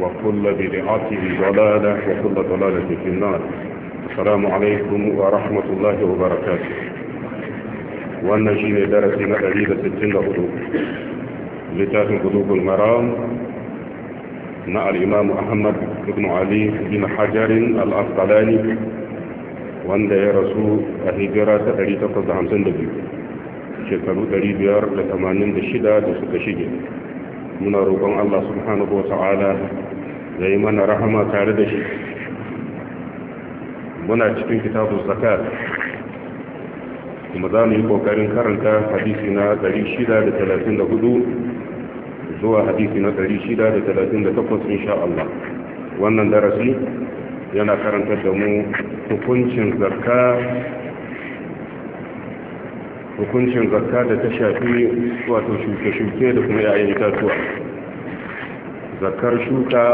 وكل بدعاته ضلالة وكل ضلالة في النار السلام عليكم ورحمة الله وبركاته والنجين درسنا أليلة ستين قلوب لتاتي قلوب المرام مع الإمام محمد بن علي بن حجر الأصطلاني وند يا رسول أهجرة أليلة قصد حمسين دبي شكرا أليلة لتمانين دشدة دسوك شجر muna roƙon Allah subhanahu wa ta'ala ya yi mana rahama tare da shi muna cikin kitabun zaka kuma za mu yi ƙoƙarin karanta hadisi na 634 zuwa hadisi na 638 insha Allah wannan darasi yana karanta da mu hukuncin zakka hukuncin zakka da ta shafi wato shuke-shuke da kuma yayin itatuwa zakkar shuka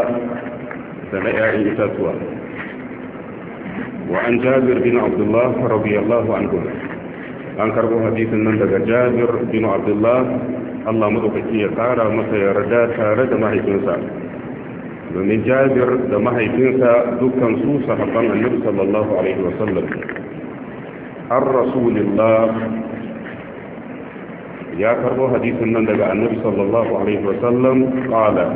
da na yayin itatuwa wa an jabir bin abdullah radiyallahu anhu an karbo hadisin nan daga jabir bin abdullah Allah madaukaki ya ƙara masa yarda tare da mahaifinsa domin jabir da mahaifinsa dukkan su sahabban annabi sallallahu alaihi wasallam har rasulullah ya karbo hadisin nan daga annabi sallallahu alaihi wasallam qala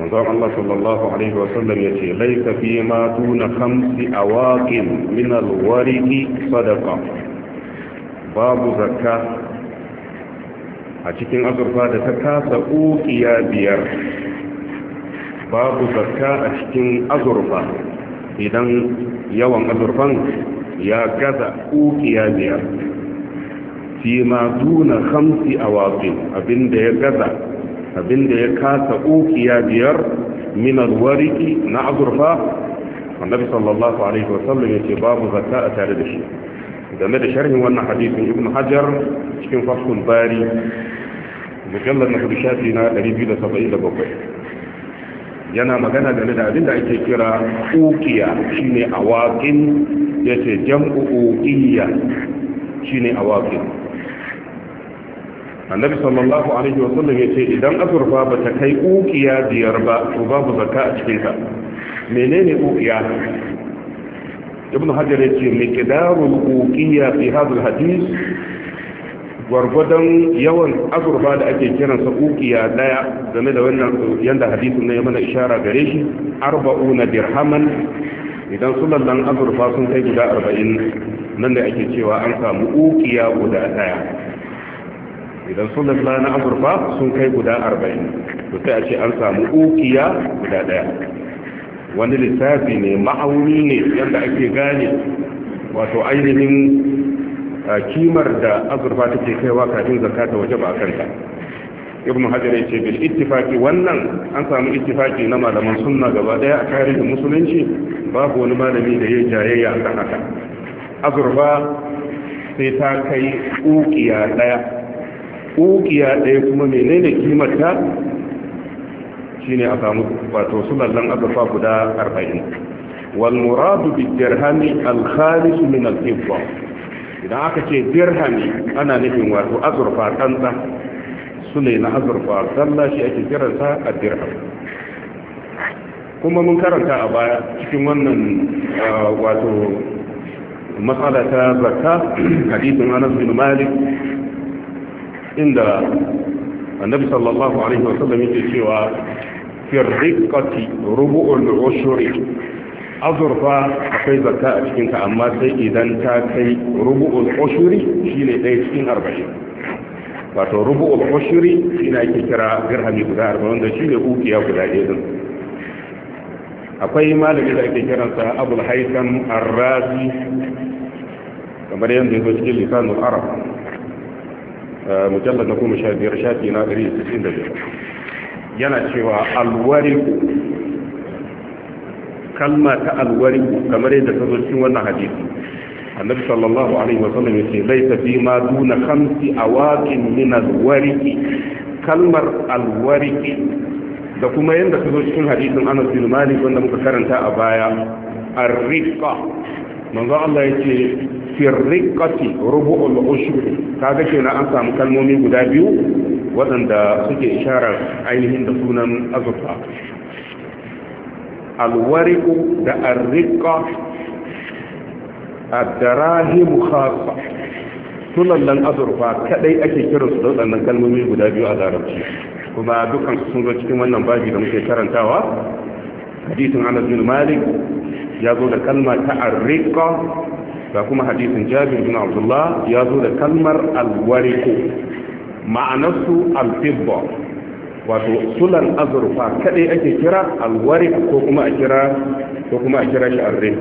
manzon Allah sallallahu alaihi wasallam yace laika fi ma tuna khamsi awaqin min al alwariqi sadaqa babu zakka a cikin azurfa da ta kasa ukiya biyar babu zakka a cikin azurfa idan yawan azurfan ya gaza ukiya biyar fi ma duna hamsi a waƙin abinda ya gaza abinda ya kasa ukiya biyar minar wariki na azurfa annabi sallallahu alaihi wasallam ya ce babu zakka a tare da shi game da sharhin wannan hadisin ibn hajar cikin fasul bari mujallar na hudu shafi na 277 yana magana game da abinda ake kira ukiya shine awakin yace jam'u ukiya shine awakin annabi sallallahu alaihi wa sallam yace idan azurfa ba ta kai ukiya biyar ba to babu zakka a cikin ta menene ukiya ibn hajar yace miqdarul ukiya fi hadha hadith gwargwadon yawan azurfa da ake kiransa ukiya daya game da wannan yanda hadisin ya mana ishara gare shi arba'una dirhaman idan sulallan azurfa sun kai guda arba'in nan da ake cewa an samu ukiya guda daya idan sun da na azurfa sun kai guda arba'in to sai a ce an samu ukiya guda ɗaya wani lissafi ne ma'auni ne yadda ake gane wato ainihin kimar da azurfa take kaiwa kafin zakata waje ba kanta ibn hajar yace bil ittifaqi wannan an samu ittifaqi na malaman sunna gaba daya a tarihin musulunci babu wani malami da ya jayayya akan haka azurfa sai ta kai ukiya daya ukiya ɗaya kuma menene kimar Shi ne a samu wato sulallan azurfa guda arba'in wal muradu bi dirhami al min al idan aka ce dirhami ana nufin wato azurfa kanta sule na azurfa sallah shi ake kiransa a dirham kuma mun karanta a baya cikin wannan wato matsala ta zakka hadisin anas bin malik inda annabi sallallahu alaihi wasallam yake cewa firriqati rubu'ul ushuri azurfa akwai zakka a cikin ka amma sai idan ta kai rubu'ul ushuri shine ɗaya cikin 40 wato rubu'ul ushuri shine ake kira dirhami guda 40 wanda shine ukiya guda ɗaya din akwai malami da ake kiransa abul haitham ar-razi kamar yadda yake cikin lisanul arab mujallar na goma sha biyar shafi na ɗari sittin da biyar yana cewa alwariku kalma ta alwariku kamar yadda ta zo cikin wannan hadisi annabi sallallahu alaihi wa sallam yace laisa fi ma duna khamsi awaqin min alwariki kalmar alwariki da kuma yadda ta zo cikin hadisin Anas bin Malik wanda muka karanta a baya arrifa manzo Allah yake firriƙati rubu'ul ushuri kaga kenan an samu kalmomi guda biyu waɗanda suke isharar ainihin da sunan azurfa alwariku da arriƙa addarahimu khasa tunallan azurfa kadai ake kiransu da waɗannan kalmomi guda biyu a zarabci. kuma dukkan sun zo cikin wannan babi da muke karantawa hadisin anas bin malik ya zo da kalma ta arriqa ga kuma hadisin jabir bin abdullah ya zo da kalmar alwariku ma'anarsu alfibba wato sulan azurfa kadai ake kira alwari ko kuma a kira ko kuma a kira shi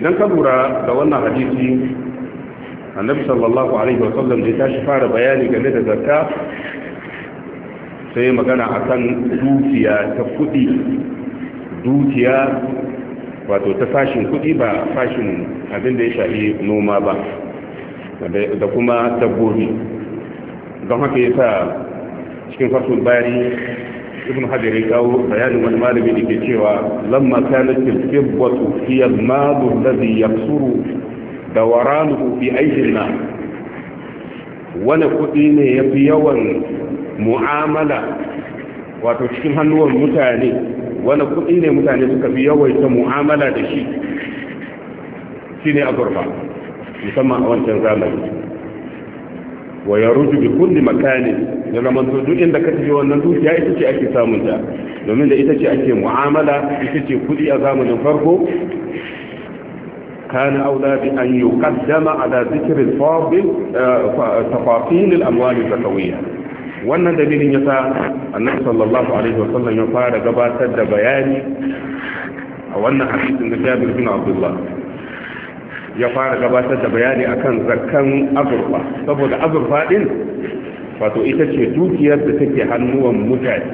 idan ka lura da wannan hadisi annabi sallallahu alaihi wasallam da tashi fara bayani game da zakka sai magana akan dukiya ta kudi dukiya wato ta fashin kuɗi ba fashin abin da ya shafi noma ba da kuma dabbobi don haka ya sa cikin fasul bari ibn hajar ya kawo bayanin wani malami da ke cewa lamma kanat tilkibbatu hiya al-malu alladhi yaksuru dawaranuhu fi aydin na wani kuɗi ne yafi yawan mu'amala wato cikin hannuwan mutane wani kudi ne mutane suka fi yawaita mu'amala da shi shi ne azurfa musamman a wancan zamani wa ya ruju bi kulli makani ya zama duk inda ka tafi wannan dukiya ita ce ake samun ta domin da ita ce ake mu'amala ita ce kudi a zamanin farko كان أولى بأن يقدم على ذكر الفاضل تفاصيل الأموال الزكوية wannan dalilin ya sa annabi sallallahu alaihi wa wasallam ya fara gabatar da bayani a wannan hadisin da Jabir bin Abdullah ya fara gabatar da bayani akan zakkan azurfa saboda azurfa din wato ita ce dukiyar da take hannuwan mutane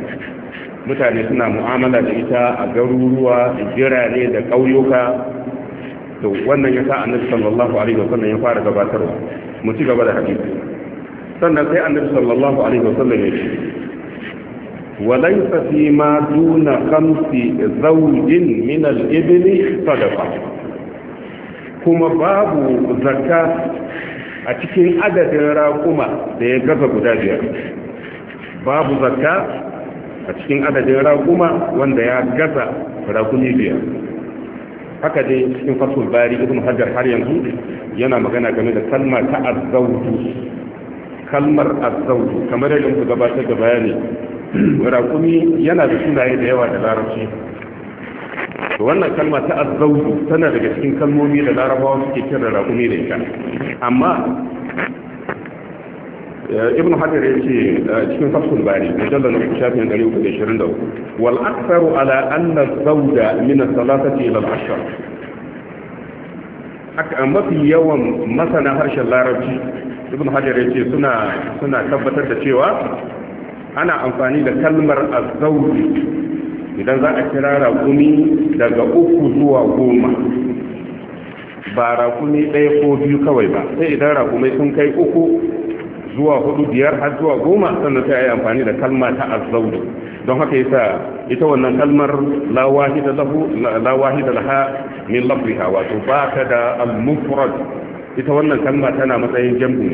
mutane suna mu'amala da ita a garuruwa jirane da ƙauyuka to wannan ya sa annabi sallallahu alaihi wa wasallam ya fara gabatarwa mu ci gaba da hadisi sannan sai annabi sallallahu alaihi wasallam ya ce walaysa fi ma duna khamsi zawjin min al-ibn kuma babu zakka a cikin adadin raƙuma da ya gaza guda biyar babu zakka a cikin adadin raƙuma wanda ya gasa raƙumi biyar haka dai cikin fasul bari ibn hajar har yanzu yana magana game da kalma ta azzawju kalmar azzauju kamar yadda muka gabatar da bayani raƙumi yana da sunaye da yawa da larabci wannan kalma ta azzauju tana daga cikin kalmomi da larabawa suke kira raƙumi da ita amma eh, ibn hajar ya ce eh, cikin fasul bari da mujallar na shafin 323 wal aksaru ala anna zauda min salatati ila al-ashr mafi yawan masana harshen larabci ibn hajar ya suna suna tabbatar da cewa ana amfani da kalmar azzawji idan za a kira raƙumi daga uku zuwa goma ba raƙumi ɗaya ko biyu kawai ba sai idan rakumai sun kai uku zuwa hudu biyar har zuwa goma sannan sai a yi amfani da kalma ta azzawji don haka yasa ita wannan kalmar la da laha min lafziha wato ba da al-mufrad ita wannan kalma tana matsayin jambu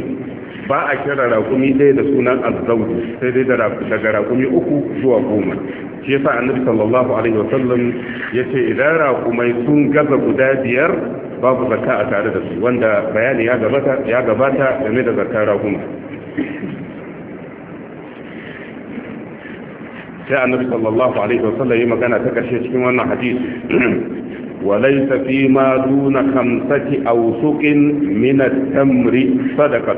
ba a kira raƙumi ɗaya da sunan azzauji sai dai daga raƙumi uku zuwa goma shi yasa annabi sallallahu alaihi wasallam yace idan rakumai sun gaza guda biyar babu zakka a tare da su wanda bayani ya gabata ya gabata game da zakka rakuma sai annabi sallallahu alaihi wasallam ya magana ta ƙarshe cikin wannan hadisi ma فيما دون a أوسق من التمر صدقة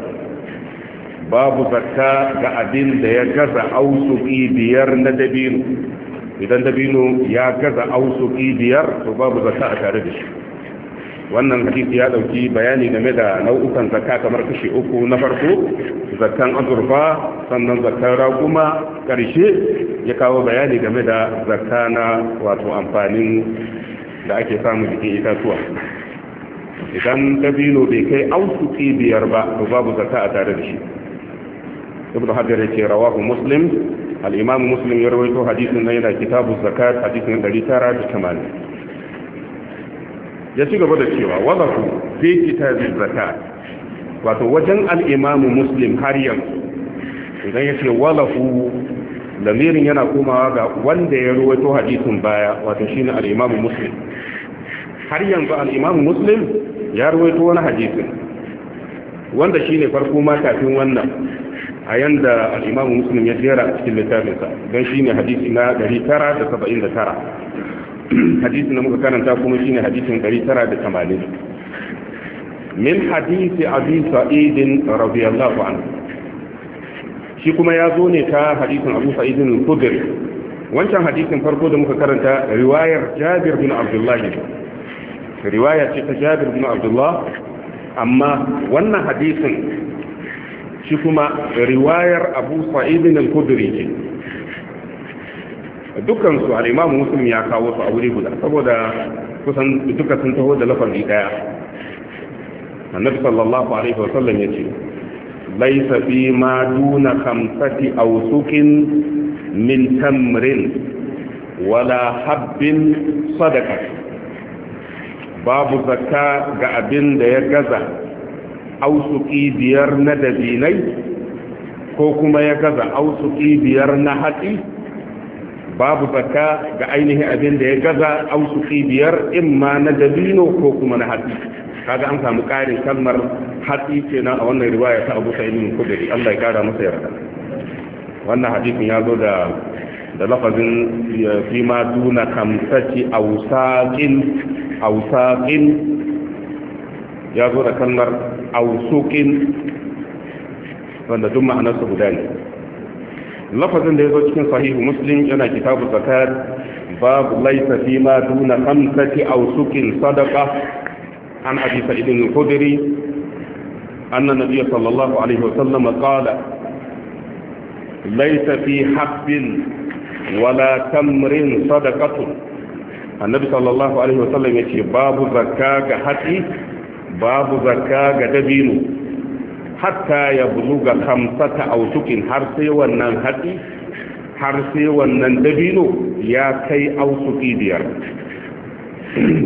babu zakka ga abin da ya gaza ausuki biyar na dabino idan dabino ya gaza ausuki biyar to babu zakka a tare da shi wannan hadisi ya dauki bayani game da nau'ukan zakka kamar kashi uku na farko zakkan azurfa sannan zakkan raguma karshe ya kawo bayani game da zakka na wato amfanin da ake samu jikin itatuwa idan dabino bai kai ausuki biyar ba to babu zakka a tare da shi ibnu hajar yake rawahu muslim al-imam muslim ya rawaito hadisin nan yana kitabu zakat hadisin 980 ya ci gaba da cewa wadahu fi kitabiz zakat wato wajen al-imam muslim har yanzu idan yake walahu lamirin yana komawa ga wanda ya ruwaito hadisin baya wato shine al-Imam Muslim har yanzu al-Imam Muslim ya ruwaito wani hadisin wanda shine farko ma kafin wannan a yanda al-Imam Muslim ya jera a cikin littafinsa don shine hadisi na 979 hadisi na muka karanta kuma shine hadisin 980 min hadisi Abi Sa'id radiyallahu anhu shi kuma ya zo ne ta hadisin abu sa'idin al wancan hadisin farko da muka karanta riwayar jabir bin abdullah riwaya ce ta jabir bin abdullah amma wannan hadisin shi kuma riwayar abu sa'idin al-khudri ce dukkan su al ya kawo su a wuri guda saboda kusan duka sun taho da lafazi daya annabi sallallahu alaihi wasallam ya ce laisa fi ma duna kamsati ausukin min tamrin wala habbin sadaka babu zakka ga abin da ya gaza ausuki biyar na dabinai ko kuma ya gaza ausuki biyar na hatsi babu zakka ga ainihin abin da ya gaza ausuki biyar imma na dabino ko kuma na hatsi kaga an samu ƙarin kalmar hatsi na a wannan riwaya ta Abu Sa'id al-Khudri Allah ya kara masa yarda wannan hadisin ya zo da da lafazin fi ma duna kamsati awsaqin awsaqin ya zo da kalmar awsuqin wanda duk ma'anarsa guda ne lafazin da ya zo cikin sahihu muslim yana kitabu zakat babu Laysa fi ma duna kamsati awsuqin sadaqa عن أبي سعيد الخدري أن النبي صلى الله عليه وسلم قال ليس في حب ولا تمر صدقة النبي صلى الله عليه وسلم يقول باب زكاة حتي باب زكاة دبينه hatta ya buluga kamsata a wutukin har sai wannan haɗi har sai wannan dabino ya kai ausuki biyar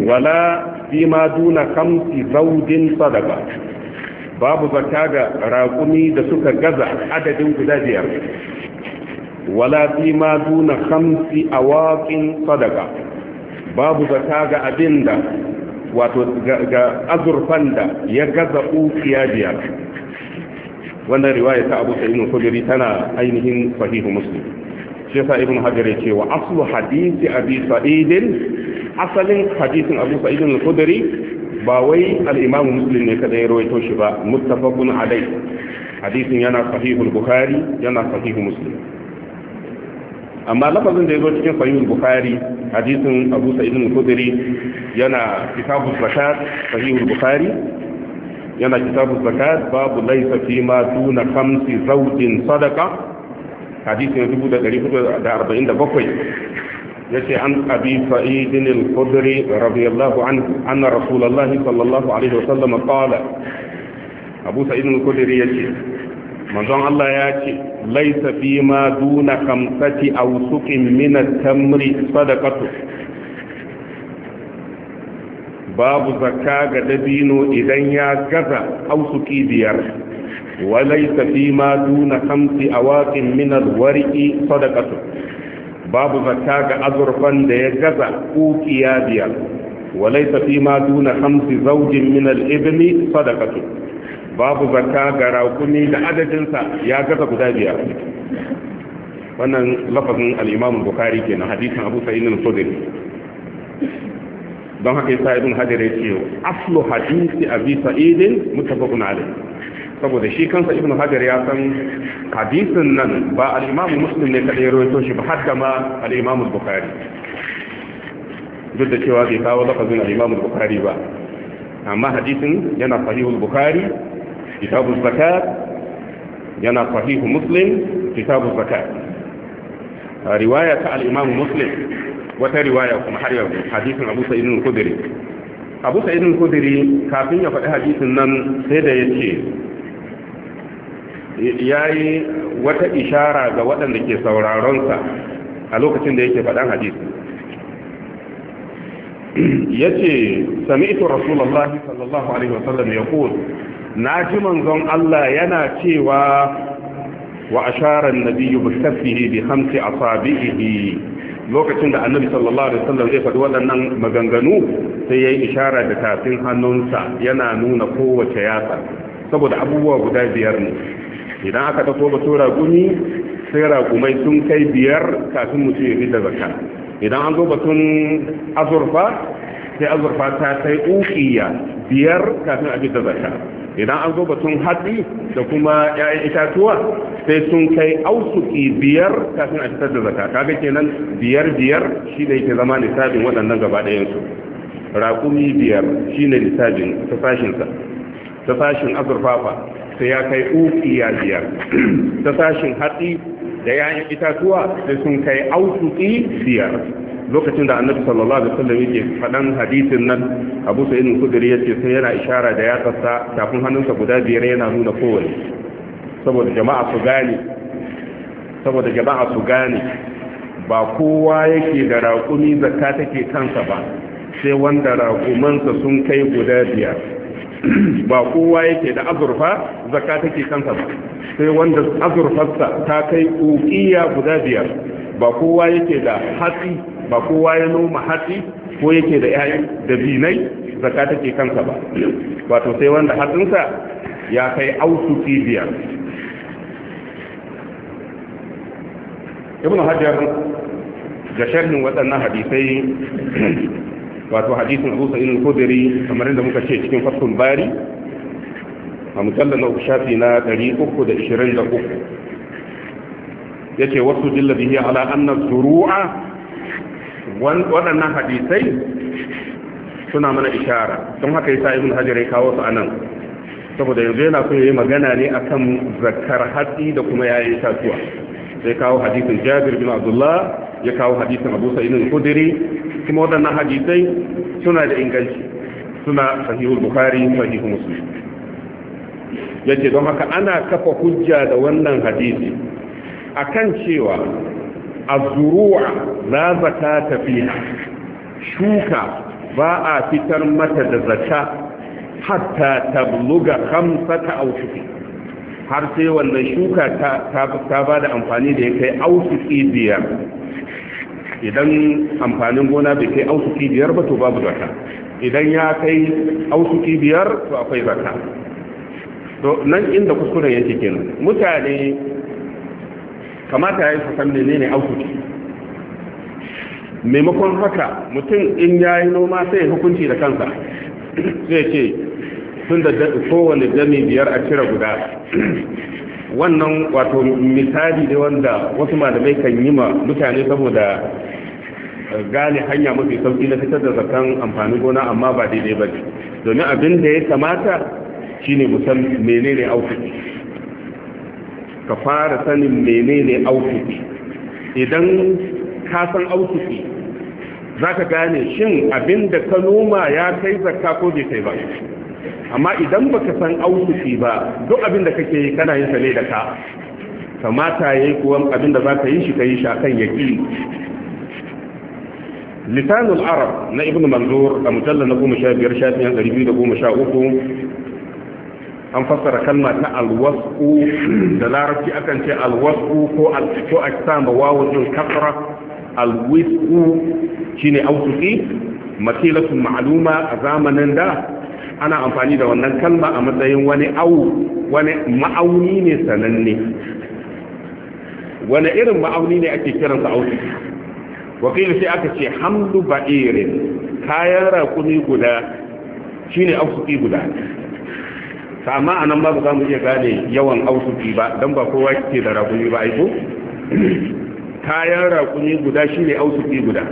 wala fi ma duna kamsi zaudin sadaka babu zakka ga raƙumi da suka gaza adadin guda biyar wala fi ma duna kamsi awaƙin sadaka babu zakka ga abin da wato ga azurfan da ya gaza ukiya biyar wannan riwaya ta abu sa'idun kudiri tana ainihin sahihu muslim shi sa ibn hajar ya ce wa aslu hadisi abi sa'idin asalin hadisin abu sa'id al-khudri ba wai al-imam muslim ne kada ya rawaito shi ba muttafaqun alai hadisin yana sahihul bukhari yana sahihul muslim amma lafazin da ya zo cikin sahihul bukhari hadisin abu sa'id al-khudri yana kitabul zakat sahihul bukhari yana kitabul zakat babu laysa fi ma tuna khamsi zawjin sadaqa hadisin 1447 يتي عن أبي سعيد الخدري رضي الله عنه أن رسول الله صلى الله عليه وسلم قال أبو سعيد الخدري يتي من جون الله يتي ليس فيما دون خمسة أوسق من التمر صدقة باب زكاة دبينو إذن يا كذا أوسق ديار وليس فيما دون خمس أوات من الورق صدقة babu zakka ga azurfan da ya gaza ukiya biyar Walai fi ma duna hamsi zaujin min al-ibni sadaqatu babu zakka ga rakuni da adadinsa ya gaza guda biyar wannan lafazin al-imam bukhari kenan hadisin abu sa'id bin don haka yasa ibn hadir yake aslu hadisi abi sa'id mutafaqun alayh saboda shi kansa ibn hajar ya san hadisin nan ba al-imamu muslim ne kadai ya rawaito shi ba hadda ma al-imamu bukhari duk da cewa bai kawo lafazin al-imamu bukhari ba amma hadisin yana sahihul bukhari kitabul zakat yana sahihu muslim kitabul zakat riwaya ta al-imamu muslim wata riwaya kuma har yanzu hadisin abu sa'id al-khudri abu sa'id al-khudri kafin ya faɗi hadisin nan sai da yace ya yi wata ishara ga waɗanda ke sauraronsa a lokacin da yake faɗan hadisi ya ce rasulallah sallallahu alaihi wasallam ya kuwa na ji manzon Allah yana cewa wa asharar nabiyu bi kafihi bi hamsi asabihi lokacin da annabi sallallahu alaihi wasallam zai faɗi waɗannan maganganu sai yayi ishara da tafin hannunsa yana nuna kowace yasa saboda abubuwa guda biyar ne idan aka ba tura gumi sai ragumai sun kai biyar kafin mutum ya fita zaka. idan an zo batun azurfa sai azurfa ta kai ukiya biyar kafin a fita zaka. idan an zo batun hatsi da kuma ‘ya'yan itatuwa sai sun kai ausuki biyar kafin a fitar da zaka kaga kenan biyar biyar shi ne yake zama nisabin waɗannan gaba ɗayansu raƙumi biyar shi ne nisabin ta sa ta fashin azurfafa sai ya kai ya biyar ta sashin hatsi da yayan itatuwa sai sun kai autuki biyar lokacin da annabi sallallahu alaihi wasallam yake fadan hadisin nan Abu Sa'id al-Khudri yace sai yana ishara da yatsarsa kafin hannunsa guda biyar yana nuna kowanne saboda jama'a su gane saboda jama'a su gane ba kowa yake da raƙumi zakka take kansa ba sai wanda raƙumansa sun kai guda biyar ba kowa yake da azurfa zakka take kansa ba sai wanda azurfarsa ta kai uqiya guda biyar ba kowa yake da hatsi ba kowa ya noma hatsi ko yake da da binai zakka take kansa ba wato sai wanda hatsinsa ya kai ausu biyar ibn hajjar ga sharhin waɗannan hadisai wato hadisin Abu Sa'id al kamar da muka ce cikin Fathul Bari a mujallal na shafi na 323 ce wasu dilla bihi ala anna zuru'a waɗannan hadisai suna mana ishara don haka yasa ibn hajar ya kawo su anan saboda yanzu yana so yayi magana ne akan zakar hatsi da kuma yayin tasuwa sai kawo hadisin Jabir bin Abdullah ya kawo hadisin Abu Sa'id al kuma waɗannan hadisai suna da inganci suna sahihul bukhari sahihu muslim yace don haka ana kafa hujja da wannan hadisi akan cewa az za zata tafi fiha shuka ba a fitar mata da zata, hatta tabluga khamsata awshuki har sai wannan shuka ta ta bada amfani da ya kai ausuki biyar idan amfanin gona bai kai ausuki biyar ba to babu zakka idan ya kai ausuki biyar to akwai zakka to nan inda kuskuren yake kenan mutane kamata ya yi ne ne ausuki maimakon haka mutum in ya yi noma sai hukunci da kansa sai ce tun da kowane dami biyar a cire guda wannan wato misali ne wanda wasu malamai kan yi ma mutane saboda eh, gane hanya mafi sauki na fitar da zakan amfanin gona amma ba daidai ba ne domin abin da ya kamata shine musam menene aukuti ka fara sanin menene aukuti idan ka san za ka gane shin abin da ka noma ya kai zakka ko bai kai ba amma idan baka san ausufi ba duk abin da kake yi kana yin sa ne da ka kamata yayi kuwa abin da zaka yi shi kai shi akan yaki lisanul arab na ibnu manzur a mujallal na 15 shafin 213 an fassara kalma ta alwasu da larabci akan ce alwasu ko ko aksama wawu din kasra alwisku shine autuqi makilatun ma'aluma a zamanin da ana amfani da wannan kalma a matsayin wani au wani ma'auni ne sananne wani irin ma'auni ne ake kiransa auki wakil sai aka ce hamdu ba'irin kayan rakumi guda shine auki guda amma a nan babu za mu iya gane yawan auki ba don ba kowa ke da rakumi ba aiko kayan rakumi guda shine auki guda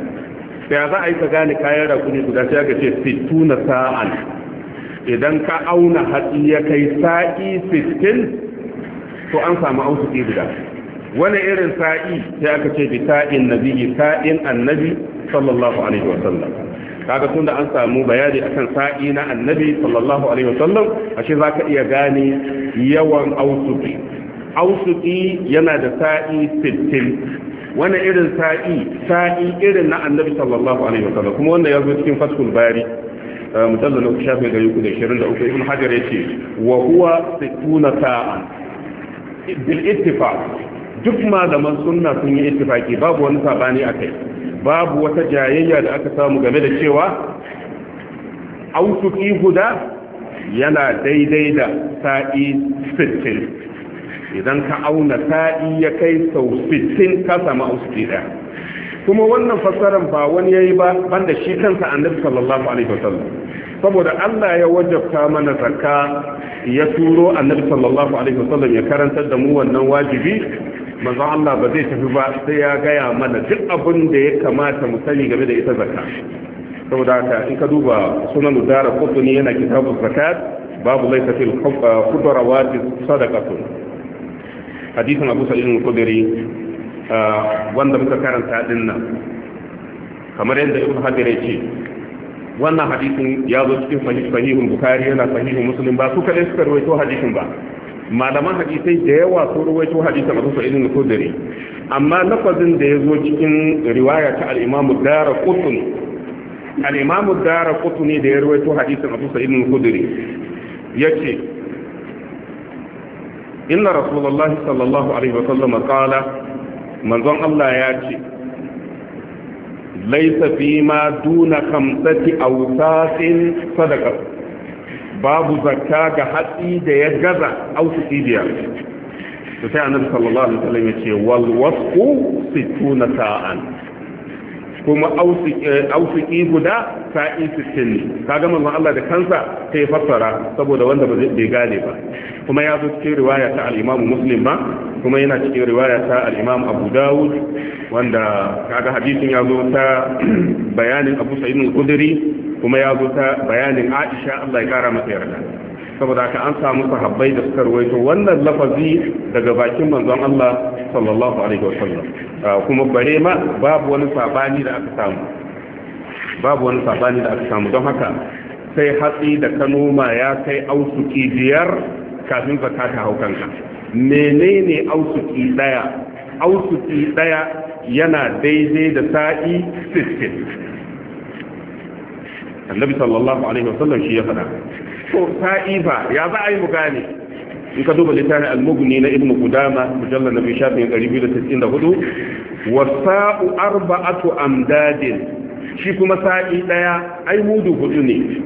sai za a yi ka gane kayan rakumi guda sai aka ce fituna sa'an idan ka auna hatsi ya kai sa'i 60 to an samu ausuki guda wani irin sa'i sai aka ce bi sa'in nabi sa'in annabi sallallahu alaihi wasallam kaga tunda an samu bayani akan sa'i na annabi sallallahu alaihi wasallam ashe zaka iya gane yawan ausuki ausuki yana da sa'i 60 wani irin sa'i sa'i irin na annabi sallallahu alaihi wasallam kuma wanda ya zo cikin fathul bari mujallal na shafin da yuku da shirin da uku ibn hajar ya ce wa huwa sittuna sa'an bil ittifaq duk malaman sunna sun yi ittifaki babu wani sabani akai babu wata jayayya da aka samu game da cewa autuki guda yana daidai da sa'i 60 idan ka auna sa'i ya kai sau 60 ka samu autuki daya kuma wannan fassarar ba wani yayi ba banda shi kansa annabi sallallahu alaihi wasallam saboda Allah ya wajabta mana zakka ya turo annabi sallallahu alaihi wasallam ya karantar da mu wannan wajibi manzo Allah ba zai tafi ba sai ya gaya mana duk abin da ya kamata mu sani game da ita zakka saboda haka in ka duba sunan dara qutni yana kitabu zakat babu laysa fil uh, khudrawat sadaqatun hadisin Abu Sa'id al-Khudri uh, wanda muka karanta din nan kamar yadda Ibn Hajar ya ce wannan hadisin ya zo cikin sahihun bukari yana sahihun musulun ba su kadai suka rawaito hadisin ba malaman hadisai da yawa sun rawaito hadisin abu sa'id ibn khudri amma lafazin da ya zo cikin riwaya ta al-imamu dara qutni al-imamu dara qutni da ya rawaito hadisin abu sa'id ibn khudri yace inna rasulullahi sallallahu alaihi wa sallam qala manzon Allah ya ce laisa fi ma duna kamsati awsatin sadaqa babu zakka ga hatsi da ya gaza ausu tibiya to sai annabi sallallahu alaihi wasallam ya ce wal wasqu sittuna sa'an kuma ausiki eh, guda sa'i sittin ne ga manzon Allah da kansa yi fassara saboda wanda ba zai gane ba kuma ya zo cikin riwaya ta al-Imam Muslim ba kuma yana cikin riwaya ta al-Imam Abu Dawud wanda kaga hadisin ya zo ta bayanin Abu Sa'id al-Khudri kuma ya zo ta bayanin Aisha Allah ya kara masa yarda saboda haka an samu sahabbai da suka ruwaito wannan lafazi daga bakin manzon Allah sallallahu alaihi wa sallam. Ah, kuma bare ma babu wani sabani da aka samu babu wani sabani da aka samu don haka sai hatsi da ka noma ya kai ausuki biyar kafin zakka ta hau kanka menene ausuki daya ausuki daya yana daidai da sa'i 60 annabi sallallahu alaihi wasallam shi ya faɗa to fa'ifa ya za a yi mugani. in ka duba littafin al-mughni na ibnu qudama mujallal nabi shafin 294 wa sa'u arba'atu amdadin shi kuma sa'i daya ai mudu hudu ne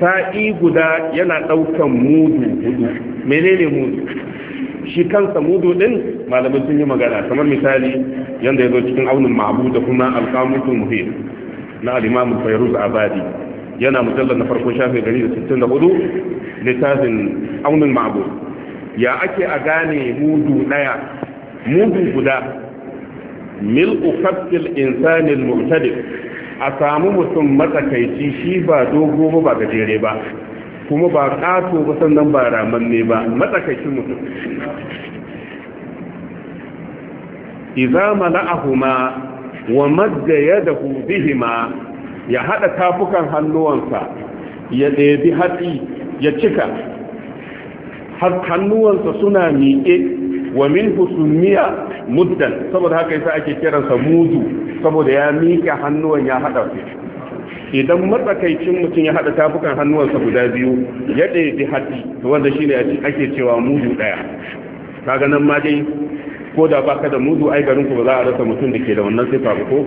sa'i guda yana daukan mudu hudu menene mudu shi kansa mudu din malamin sun yi magana kamar misali yanda ya zo cikin aunin ma'abu da kuma alƙamutul muhim na al-imam fayruz abadi yana mujallar na farko gari shafi 164 littafin aunin ma'abu ya ake a gane mudu daya mudu guda Mil kafil Insanin murtadi a samu mutum matsakaici shi ba dogo ba gajere ba kuma ba kato ba sannan ba ramanne ba matsakaicin mutum iza ma wa madda yadahu bihima ya hada tafukan hannuwansa ya ɗebi hatsi ya cika hannuwansa suna miƙe wa min husumiya muddan saboda haka yasa ake kiransa mudu saboda ya miƙe hannuwan ya hada su idan matsakaicin mutum ya haɗa tafukan hannuwansa guda biyu ya ɗebi hatsi haɗi wanda shi ne ake cewa mudu ɗaya ta ganin ma dai ko da ba ka da mudu ai garinku ba za a rasa mutum da ke da wannan sifa ba ko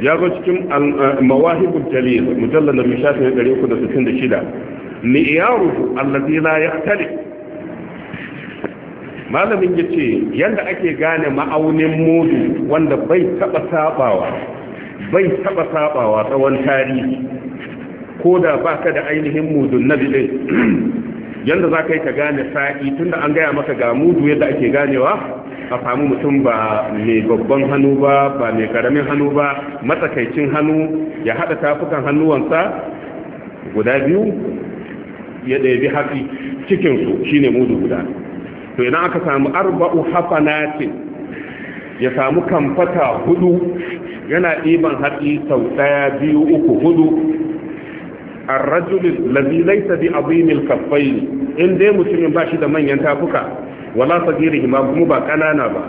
ya zo cikin eh, mawahibul jalil mujallal min shafin 366 iyaru allazi la yahtali malamin yace yanda ake gane ma'aunin mudu wanda bai taba sabawa bai taba sabawa tsawon tarihi ko da baka da ainihin mudun nabi din yanda za ka yi ka gane sa'i tunda an gaya maka ga mudu yadda ake ganewa a samu mutum ba mai babban hannu ba ba mai karamin hannu ba matsakaicin hannu ya haɗa tafukan hannuwansa guda biyu ya ɗabi hafi cikinsu shi ne mudu guda to idan aka samu arba'u hafa ce? ya samu kamfata hudu yana ɗiban hatsi sau ɗaya biyu uku hudu ar-rajul ladhi laysa bi azimil kaffayn in dai mutumin ba shi da manyan tafuka wala sagirihi ma kuma ba kanana ba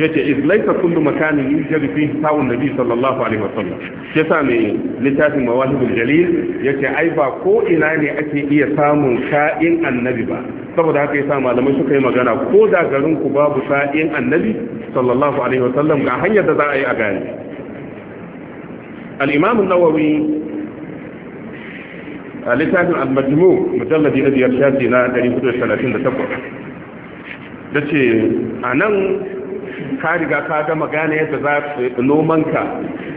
yace iz laysa kullu makanin yujadu fihi sawun nabi sallallahu alaihi wasallam yasa mai littafin mawahibul jalil yace ai ba ko ina ne ake iya samun sa'in annabi ba saboda haka yasa malamai suka yi magana ko da garin babu sa'in annabi sallallahu alaihi wasallam ga hanyar da za a yi a gane al-imam a littafin al-majmu mujalladi na biyar shafi na 438 da ce a nan ka riga ka gama gane yadda za ka nomanka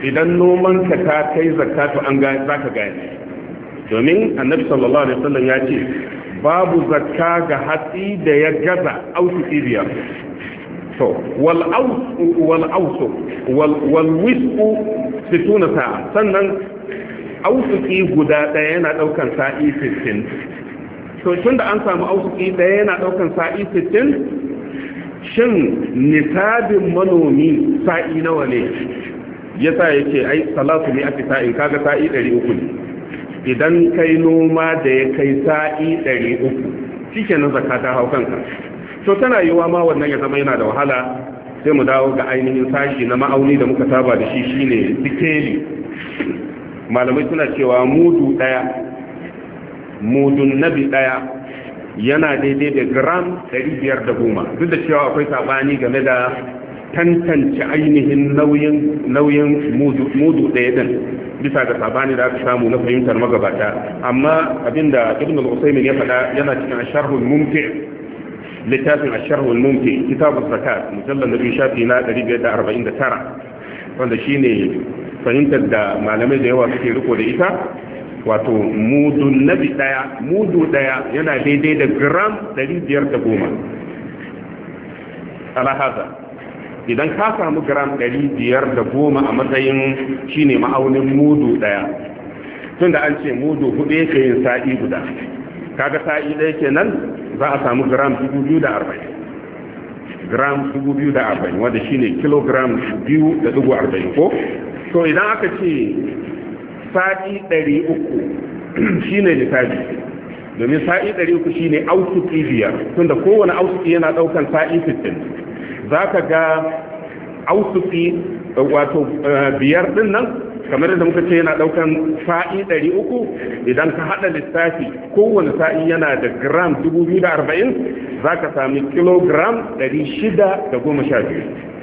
idan nomanka ta kai zakatu an za ka gane domin annabi sallallahu alaihi wasallam ya ce babu zakka ga hatsi da ya gaza ausu ibiya to wal ausu wal ausu wal wisku situna sa'a sannan ausuki guda ɗaya yana ɗaukan sa'i 15 to tun da an samu ausuki ɗaya yana ɗaukan sa'i 15 shin nisabin manomi sa'i nawa ne ya sa ya ce ai salatu ne ake sa'in kaga sa'i 300 idan kai noma da ya kai sa'i 300 shi kenan zaka ta hau to tana yiwa ma wannan ya zama yana da wahala sai mu dawo ga ainihin sashi na ma'auni da muka saba da shi shine sikeli malamai suna cewa mudu daya mudun nabi daya yana daidai da gram 510 duk da cewa akwai sabani game da tantance ainihin nauyin nauyin mudu daya din bisa ga sabani da aka samu na fahimtar magabata amma abinda ibn al-usaymin ya faɗa yana cikin sharhul mumti' littafin asharhu al-mumti kitabuz zakat mujallal nabi shafi na 549 wanda shine fahimtar da malamai da yawa suke riko da ita wato mudu nabi daya mudu daya yana daidai da gram 510 haza idan ka samu gram 510 a matsayin shine ma'aunin mudu daya tunda an ce mudu hudu yake yin sa'i guda kaga sa'i ɗaya kenan za a samu gram 240 gram 240 wanda shine kilogram 2.40 ko to idan aka ce sa'i 300 ne lissafi domin sa'i 300 ne ausuki biyar tunda kowane ausuki yana daukan sa'i Za ka ga ausuki eh, wato eh, biyar din nan kamar yadda muka ce yana daukan sa'i 300 idan ka hada lissafi kowane sa'i yana da gram 240 ka sami kilogram 612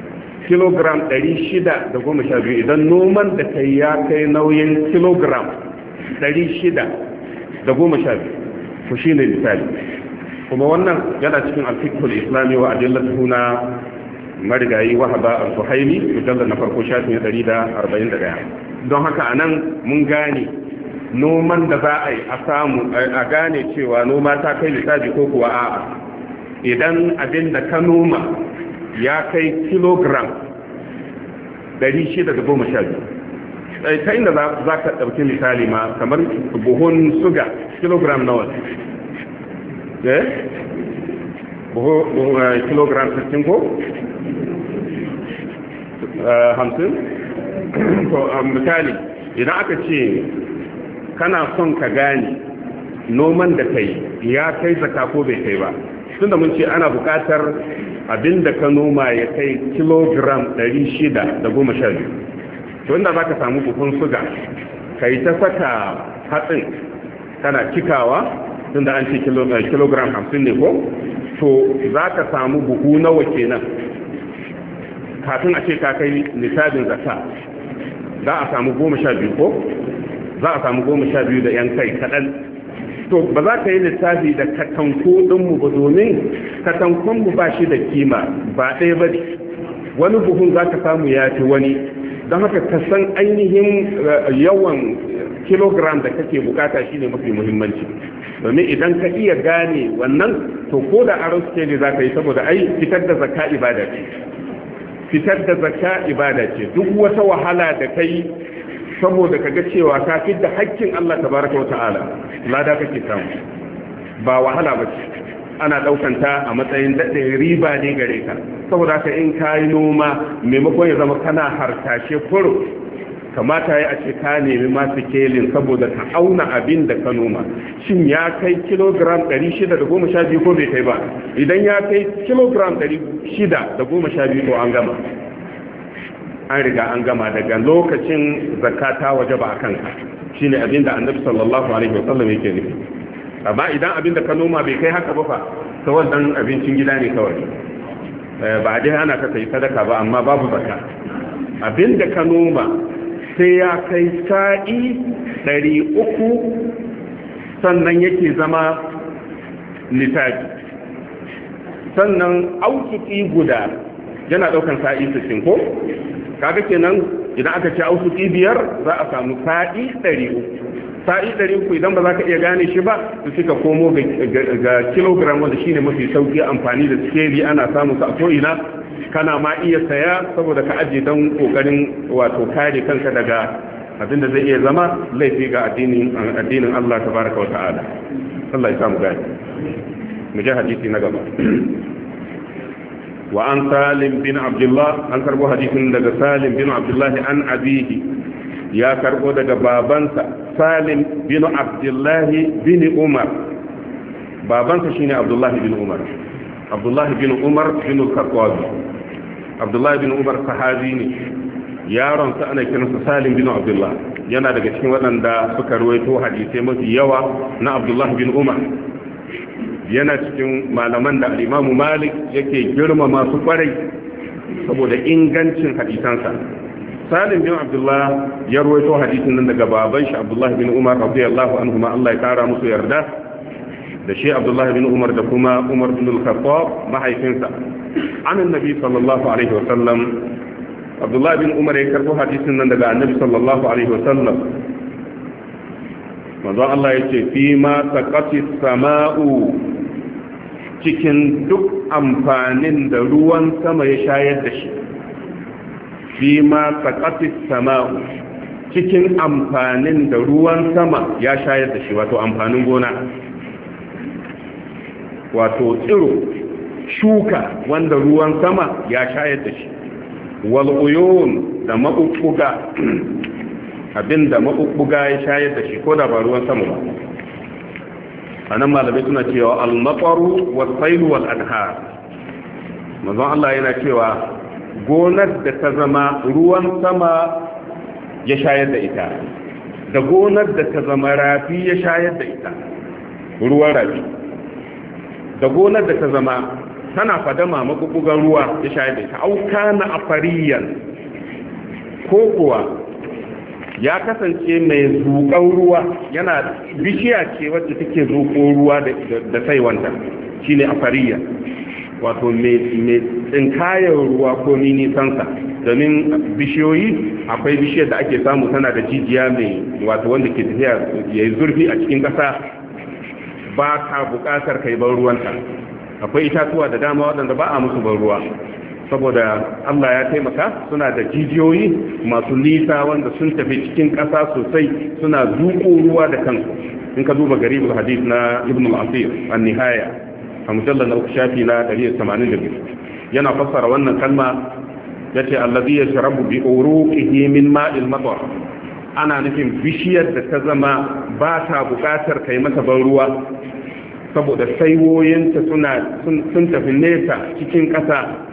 kilogram 612 idan noman da kai ya kai nauyin kilogram 612 ku shi ne misali kuma wannan yana cikin alfikul islami wa adillatu na marigayi wahaba al suhaimi mujallar na farko shafin 141 don haka anan mun gane noman da za a yi a samu a gane cewa noma ta kai misali ko kuwa a'a idan abin da ka noma ya kai kilogram 612 eh, ta inda za ka ɗauki misali ma kamar buhun suga kilogram na nawa eh? buhun eh, kilogram 60 ko 50 um, misali idan aka ce kana son ka gani noman da kai ya kai zaka ko bai kai ba Tun da mun ce ana bukatar abinda ka noma ya kai kilogram 612 da za ka samu buhun suga ka yi ta saka hatsin kana cikawa tun da an ce eh, kilogram 50 ne ko to za ka samu buhu nawa kenan kafin a ce ka kai nisabin zaka za a samu 12 ko za a samu 12 da yan kai kaɗan to ba za ka yi lissafi da katanko ɗinmu ba domin katankonmu ba shi da kima ba ɗaya ba wani buhun za ka samu ya fi wani don haka ka san ainihin eh, yawan kilogram da kake bukata shine mafi muhimmanci domin idan ka iya gane wannan to ko da aron suke ne za ka yi saboda ai fitar da zaka ibada ce fitar da zaka ibada ce duk wata wahala da kai saboda ka ga cewa ka da haƙƙin Allah tabaraka wa ta'ala lada kake samu ba wahala ba ce ana ta a matsayin daɗe riba ne gare ka saboda ka in ka yi noma maimakon ya zama kana hartashe kuro kamata ya ce ka nemi masu kelin saboda ka auna abin da ka noma shin ya kai kilogram 612 ko bai kai ba idan ya kai kilogram 612 to an gama an riga an gama daga lokacin zakata waje ba a kanka shi ne abinda annabi sallallahu alaihi wasallam yake nufi amma idan abinda ka noma bai kai haka ba fa ta wannan abincin gida ne kawai eh, ba a dai ana ka kai sadaka ba amma babu zakka abinda ka noma sai ya kai sa'i 300 sannan yake zama nitaji sannan aukiki guda yana ɗaukan sa'i 60 ko kaga kenan idan aka ce ausu biyar za a samu sa'i ɗari uku sa'i ɗari idan ba za ka iya gane shi ba su suka komo ga kilogram wanda shine mafi sauki amfani da sikeli ana samu sa a ko'ina kana ma iya saya saboda ka aje don kokarin wato kare kanka daga abin da zai iya zama laifi ga addinin Allah tabaraka wa ta'ala Allah ya samu gani mu hadisi na gaba wa an salim bin abdullah an karbo hadisin daga salim bin abdullah an abihi ya karbo daga babansa salim bin abdullah bin umar babansa shine abdullah bin umar abdullah bin umar bin al-khattabi bin umar sahabi ne yaron sa ana kiransa salim bin abdullah yana daga cikin waɗanda suka ruwaito hadisai mafi yawa na abdullah bin umar yana cikin malaman da imamu malik yake girma masu kwarai saboda ingancin hadisansa salim bin abdullah ya ruwaito hadisin nan daga baban shi abdullah bin umar radiyallahu anhu ma Allah ya kara musu yarda da shi abdullah bin umar da kuma umar bin al-khattab mahaifinsa an annabi sallallahu alaihi wasallam abdullah bin umar ya karbo hadisin nan daga annabi sallallahu alaihi wasallam manzon Allah ya ce fi ma taqati sama'u cikin duk amfanin da ruwan sama ya shayar da shi fi ma taqati sama'u cikin amfanin da ruwan sama ya shayar da shi wato amfanin gona wato tsiro shuka wanda ruwan sama ya shayar da shi wal uyun da mabubuga abinda mabubbuga ya shayar da shi ko da ba ruwan sama ba a nan malamai suna cewa al-matsaru wa sailu wal anhar manzon Allah yana cewa gonar da ta zama ruwan sama ya shayar da ita da gonar da ta zama rafi ya shayar da ita ruwan rafi da gonar da ta zama tana fadama mabubbugan ruwa ya shayar da ita auka na afariyan ko kuwa ya kasance mai zuƙon ruwa yana bishiya ce wacce take zuƙo ruwa da saiwanta a fariya. wato mai tsinkayar ruwa ko nisansa domin bishiyoyi akwai bishiyar da ake samu tana da jijiya mai wato wanda ke tafiya ya yi zurfi a cikin ƙasa ba ka buƙatar kai ban ruwanta akwai itatuwa da dama waɗanda ba a musu ban ruwa saboda Allah ya taimaka suna da jijiyoyi masu nisa wanda sun tafi cikin ƙasa sosai suna zuƙo ruwa da kansu in ka duba garibul hadith na ibn al-asir an-nihaya a mujallal na shafi na 182 yana fassara wannan kalma yace allazi rabu bi uruqihi min ma'il matar ana nufin bishiyar da ta zama ba ta buƙatar kai mata ban ruwa saboda saiwoyinta suna sun tafi nesa cikin ƙasa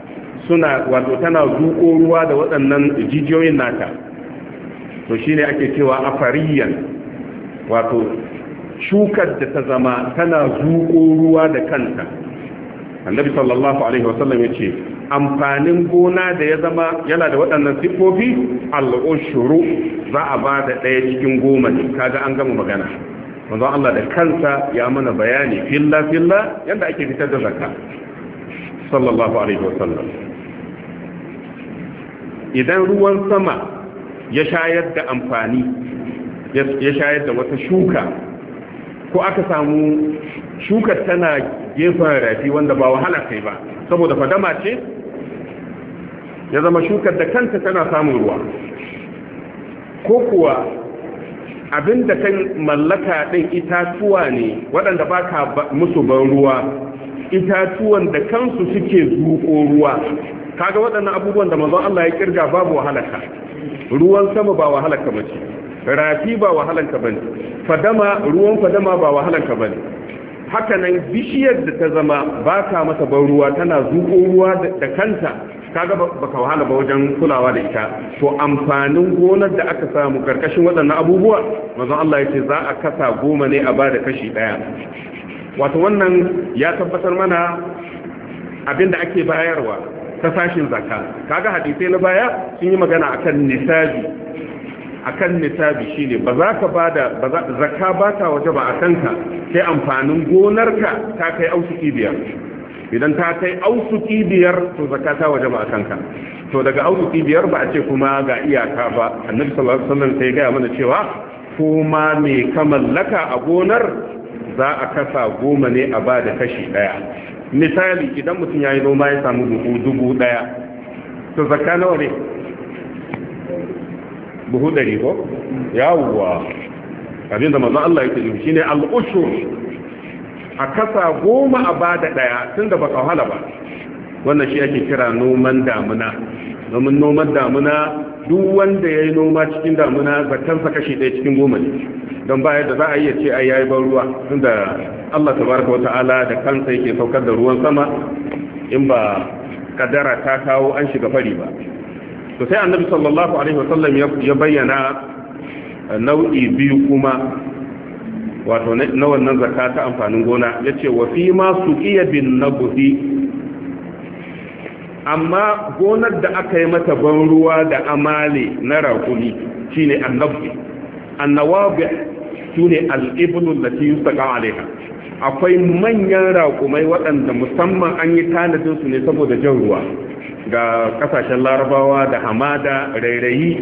suna wato tana zuƙo ruwa da waɗannan jijiyoyin nata to shine ake cewa afariyan wato shukar da ta zama tana zuƙo ruwa da kanta annabi sallallahu alaihi wasallam ya ce amfanin gona da ya zama yana da waɗannan siffofi shuru za a ba da ɗaya cikin goma ne kaga an gama magana wanzu Allah da kansa ya mana bayani filla filla yadda ake fitar da zaka sallallahu alaihi wasallam idan ruwan sama ya shayar da amfani ya shayar da wata shuka ko aka samu shukar tana gefen rafi wanda ba wahala kai ba saboda fadama ce ya zama shukar da kanta tana samun ruwa ko kuwa abinda da kan mallaka ɗin itatuwa ne waɗanda ba ka musu ban ruwa itatuwan da kansu suke zuƙo ruwa kaga waɗannan abubuwan da manzon Allah ya kirga babu wahalaka ruwan sama ba wahalaka bace rafi ba wahalanka bane fadama ruwan fadama ba wahalanka bane haka nan bishiyar da ta zama ba ka mata ban ruwa tana zuƙo ruwa da kanta kaga baka wahala ba wajen kulawa da ita to amfanin gonar da aka samu karkashin waɗannan abubuwa manzon Allah ya ce za a kasa goma ne a bada kashi ɗaya wato wannan ya tabbatar mana abin da ake bayarwa ta sashin zaka kaga hadisi na baya sun yi magana akan nisabi akan nisabi shine ba za ka bada zakka ba ta waje ba akan ka sai amfanin gonarka ta kai ausuki biyar idan ta kai ausuki biyar to zakka ta waje ba akan ka to daga ausuki biyar ba a ce kuma ga iyaka ba annabi sallallahu alaihi wasallam sai ga mana cewa kuma me kamallaka a gonar za a kasa goma ne a ba da kashi daya misali idan mutum ya yi noma ya samu buhu dubu daya to zakka nawa ne buhu dari ko yawwa abinda manzon Allah yake yi shine al-ushur a kasa goma a ba bada daya tunda ba wahala ba wannan shi ake kira noman damuna domin noman damuna duk wanda ya yi noma cikin damuna sa kashi ɗaya cikin goma ne don baya da za a iya ce a yayi ban ruwa tunda Allah tabaraka wata'ala da kansa yake saukar da ruwan sama in ba kadara ta kawo an shiga fari ba to sai annabi sallallahu alaihi wasallam ya bayyana eh, nau'i biyu kuma wato na wannan zakata amfanin gona yace wa fi ma suqiya bin amma gonar da aka yi mata ban ruwa da amali na shi ne annabi annawabi shine da su yi yusaqa alaiha akwai manyan raƙumai waɗanda musamman an yi tanadin su ne saboda jan ruwa ga ƙasashen larabawa da hamada rairayi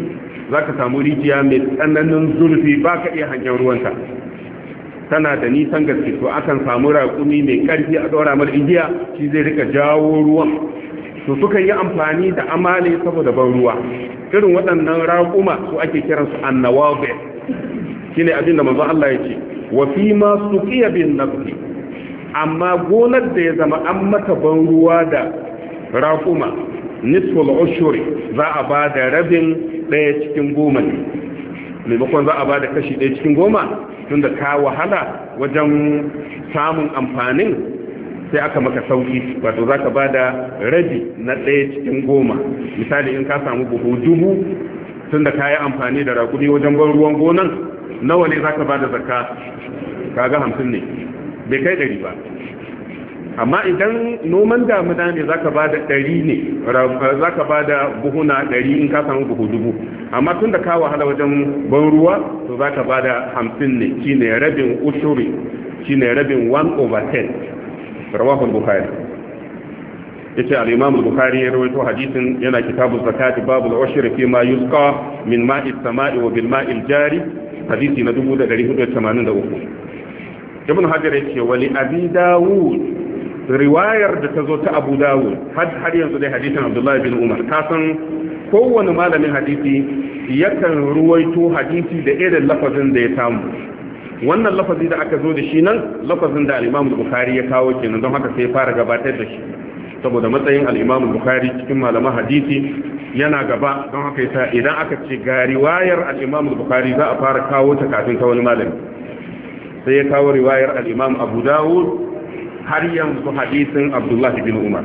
za ka samu rijiya mai tsananin zurfi ba ka iya hanyar ruwanta tana da nisan gaske to akan samu raƙumi mai ƙarfi a ɗora indiya igiya shi zai rika jawo ruwan to suka yi amfani da amali saboda ban ruwa irin waɗannan raƙuma su ake kiransu annawabe shine abin da manzon Allah ya ce wa fi ma suqiya bin nafsi amma gonar da ya zama an mata ban ruwa da raƙuma nisful ushuri za a ba da rabin ɗaya cikin goma ne maimakon za a ba da kashi ɗaya cikin goma tunda ka wahala wajen samun amfanin sai aka maka sauki wato za ka ba da rabi na ɗaya cikin goma misali in ka samu buhu dubu tun da ka yi amfani da rakuni wajen ban ruwan gonan nawa ne za ka ba da zakka ka ga hamsin ne bai kai ɗari ba amma idan noman damuna ne za ka ba da ɗari ne za ka ba da buhuna ɗari in ka samu buhu dubu amma tun da ka wahala wajen ban ruwa to za ka ba da hamsin ne shine rabin ushuri shine rabin 1 over 10 rawahu al-bukhari yace al-imam Buhari ya ruwaito hadisin yana kitabu zakati babu al-washr fi ma yusqa min ma'i as-sama'i wa bil ma'i al-jari hadisi na 1483 ibn hajar yace wali abi dawud riwayar da ta zo ta abu dawud har yanzu dai hadisin abdullahi bin umar ta san kowane malamin hadisi yakan ruwaito hadisi da irin lafazin da ya tamu. wannan lafazi da aka zo da shi nan lafazin da al-Imam Bukhari ya kawo kenan don haka sai ya fara gabatar da shi saboda matsayin al-Imam Bukhari cikin malaman hadisi yana gaba don haka yasa idan aka ce ga riwayar al Bukhari za a fara kawo ta kafin ta wani malami sai ya kawo riwayar al Abu Dawud har yanzu hadisin Abdullah bin Umar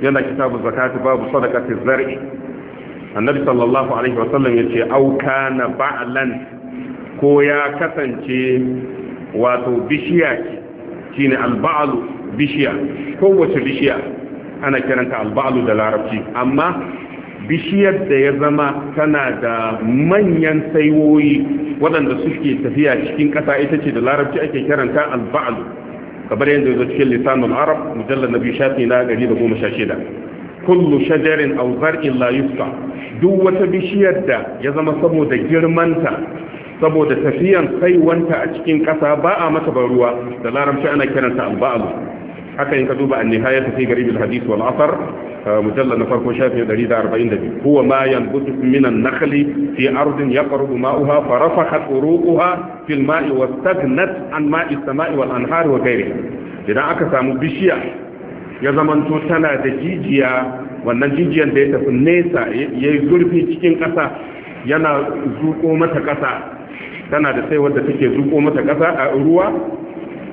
yana kitabu zakati babu sadaqati zar'i annabi sallallahu alaihi wasallam yace au kana ba'lan ko ya kasance wato bishiya ce shine alba'alu bishiya kowace bishiya ana kiranta alba'alu da larabci amma bishiyar da ya zama tana da manyan saiwoyi waɗanda suke tafiya cikin ƙasa ita ce da larabci ake kiranta alba'alu kamar yadda ya zo cikin lisanul arab mujallar na biyu shafi na gari da goma sha shida kullu shajarin auzar zar'in la duk wata bishiyar da ya zama saboda girmanta saboda tafiyan kaiwanta a cikin ƙasa ba a mata ban ruwa da larabci ana kiranta alba'alu haka in ka duba an nihaya ta fi garibin hadis wal asar mujalla na farko shafi 142 huwa ma yanbutu min an-nakhli fi ardin yaqrubu ma'uha fa rafakhat uruquha fil ma'i wastagnat an ma'i as-sama'i wal anhar wa idan aka samu bishiya ya zamanto tana da jijiya wannan jijiyan da ya tafi nesa yayi zurfi cikin ƙasa yana zuko mata ƙasa tana da sai wadda take zuko mata kasa a ruwa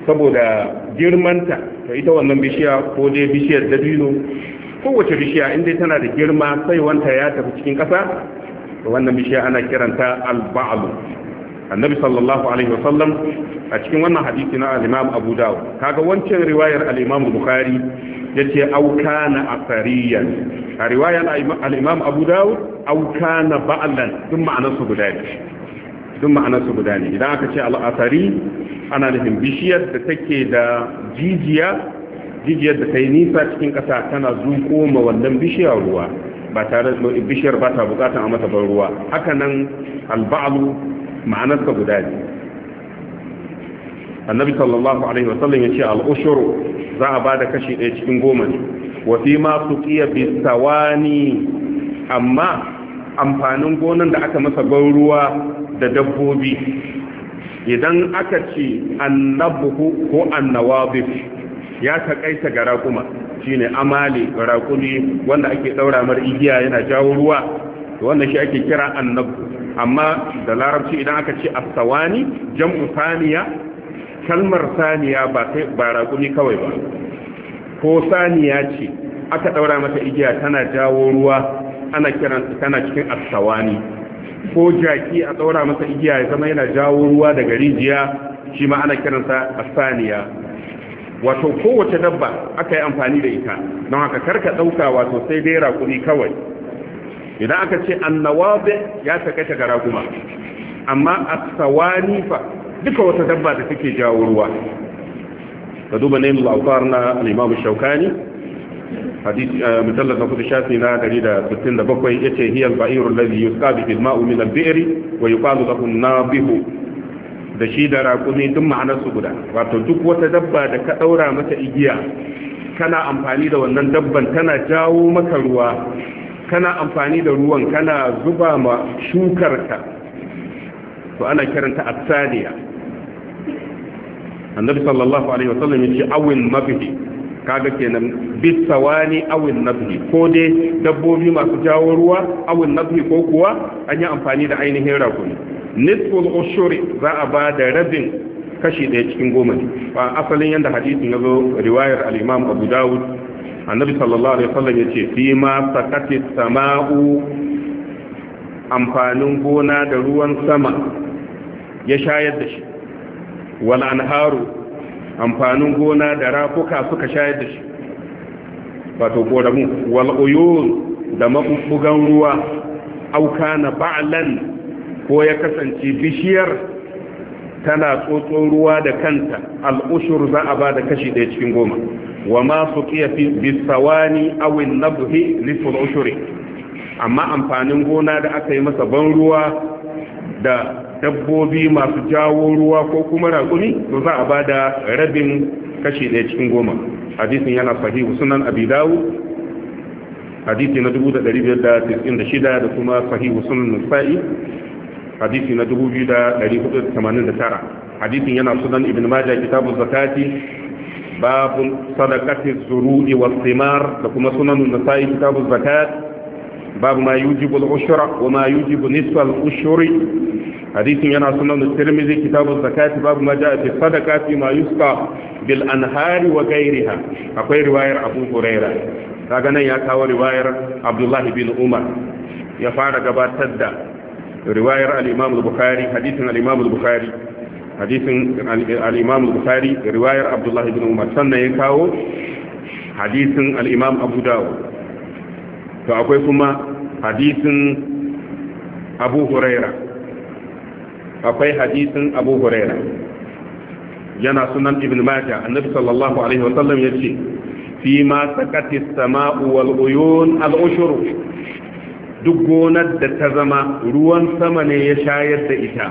saboda girmanta ta ita wannan bishiya ko dai bishiyar dabino kowace bishiya inda tana da girma sai wanta ya tafi cikin ƙasa wannan bishiya ana kiranta alba'alu annabi sallallahu alaihi wasallam a cikin wannan hadisi na al-imam abu dawud kaga wancan riwayar al-imam bukhari yace au kana asariyan a riwayar al-imam abu dawud au kana ba'lan duk ma'anar su guda biyu duk ma'anarsu guda ne idan aka ce al'asari ana nufin bishiyar da take da jijiya jijiyar da ta yi nisa cikin ƙasa tana zuko ma wannan bishiyar ruwa ba tare da bishiyar ba ta bukatan a mata ban ruwa haka nan alba'alu ma'anarsa guda ne annabi sallallahu alaihi wasallam ya ce al'ushuru za a ba da kashi ɗaya cikin goma ne fi ma su ƙiya bisawani amma amfanin gonan da aka masa ban ruwa da dabbobi idan aka ce annabuhu ko annawabif ya takaita ga raƙuma shine amali raƙumi wanda ake daura mar igiya yana jawo ruwa wannan shi ake kira annabu amma da larabci idan aka ce astawani jam'u saniya kalmar saniya ba sai raƙumi kawai ba ko saniya ce aka daura mata igiya tana jawo ruwa ana kiran tana cikin astawani ko jaki a tsaura masa igiya ya zama yana jawo ruwa daga rijiya shi ma ana kiransa asaniya wato kowace dabba aka yi amfani da ita don haka karka ɗauka wato sai dai raƙumi kawai idan aka ce annawabe ya takaita ga raƙuma amma asawani fa duka wata dabba da take jawo ruwa ka duba ne mu na al-imam shaukani mujallar na kudu shafi na 167 ya ce hiyar ba'irun lalzi yuska bi filma'u min al-bi'ri wa yuqalu lahu nabihu da shi da raƙumi duk ma'anar su guda wato duk wata dabba da ka ɗaura mata igiya kana amfani da wannan dabban tana jawo maka ruwa kana amfani da ruwan kana zuba ma shukar ka to ana kiranta asaniya annabi sallallahu alaihi wasallam ya ce awin kaga kenan bisawani awin nabhi ko dai dabbobi masu jawo ruwa awin nabhi ko kuwa an yi amfani da ainihin rakumi nisful ushuri za a ba da rabin kashi ɗaya cikin goma ne ba asalin yadda hadisin ya zo riwayar al-imam abu dawud annabi sallallahu alaihi wasallam ya fi ma sakati sama'u amfanin gona da ruwan sama ya shayar da shi wal anharu amfanin gona da rafuka suka shayar da shi wato da maɓuɓɓugan ruwa auka na ba'lan ko ya kasance bishiyar tana tsotson ruwa da kanta al'ushur za a ba da kashi ɗaya cikin goma wa ma su ƙiyafi bisawani awin nabuhi lissul ushuri amma amfanin gona da aka yi masa ban ruwa da dabbobi masu jawo ruwa ko kuma raƙumi to za a ba da rabin kashi ɗaya cikin goma hadisin yana sahihu sunan abi dawo hadisi na 1596 da kuma sahihu sunan nusa'i hadisi na 2489 hadisin yana sunan ibn majah kitabu zakati babun sadakati zuru'i was thimar da kuma sunan nusa'i kitabu zakat babu ma yujibu al-ushra wa ma yujibu nisfa al-ushuri hadisin yana sunan tirmidhi kitabu zakati babu ma jaa fi sadaqati ma yusqa bil anhari wa ghayriha akwai riwayar abu huraira kaga nan ya kawo riwayar abdullahi bin umar ya fara gabatar da riwayar al-imam al-bukhari hadisin al bukhari hadisin al bukhari riwayar abdullahi bin umar sannan ya kawo hadisin al-imam to akwai kuma hadisin abu huraira akwai hadisin abu huraira yana sunan ibn majah annabi sallallahu alaihi wasallam yace fi ma sakati as-sama'u wal uyun al ushur duk gonar da ta zama ruwan sama ne ya shayar da ita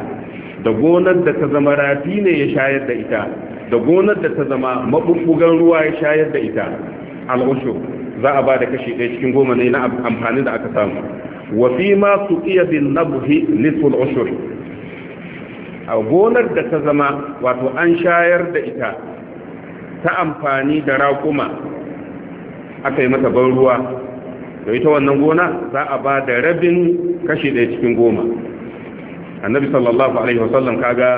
da gonar da ta zama rafi ne ya shayar da ita da gonar da ta zama mabubbugan ruwa ya shayar da ita al ushur za a ba da kashi ɗaya cikin goma ne na amfani da aka samu wa fi ma su iya bin nabuhi nisful ushur a gonar da ta zama wato an shayar da ita ta amfani da raƙuma aka yi mata ban ruwa da ita wannan gona za a ba da rabin kashi ɗaya cikin goma annabi sallallahu alaihi wasallam kaga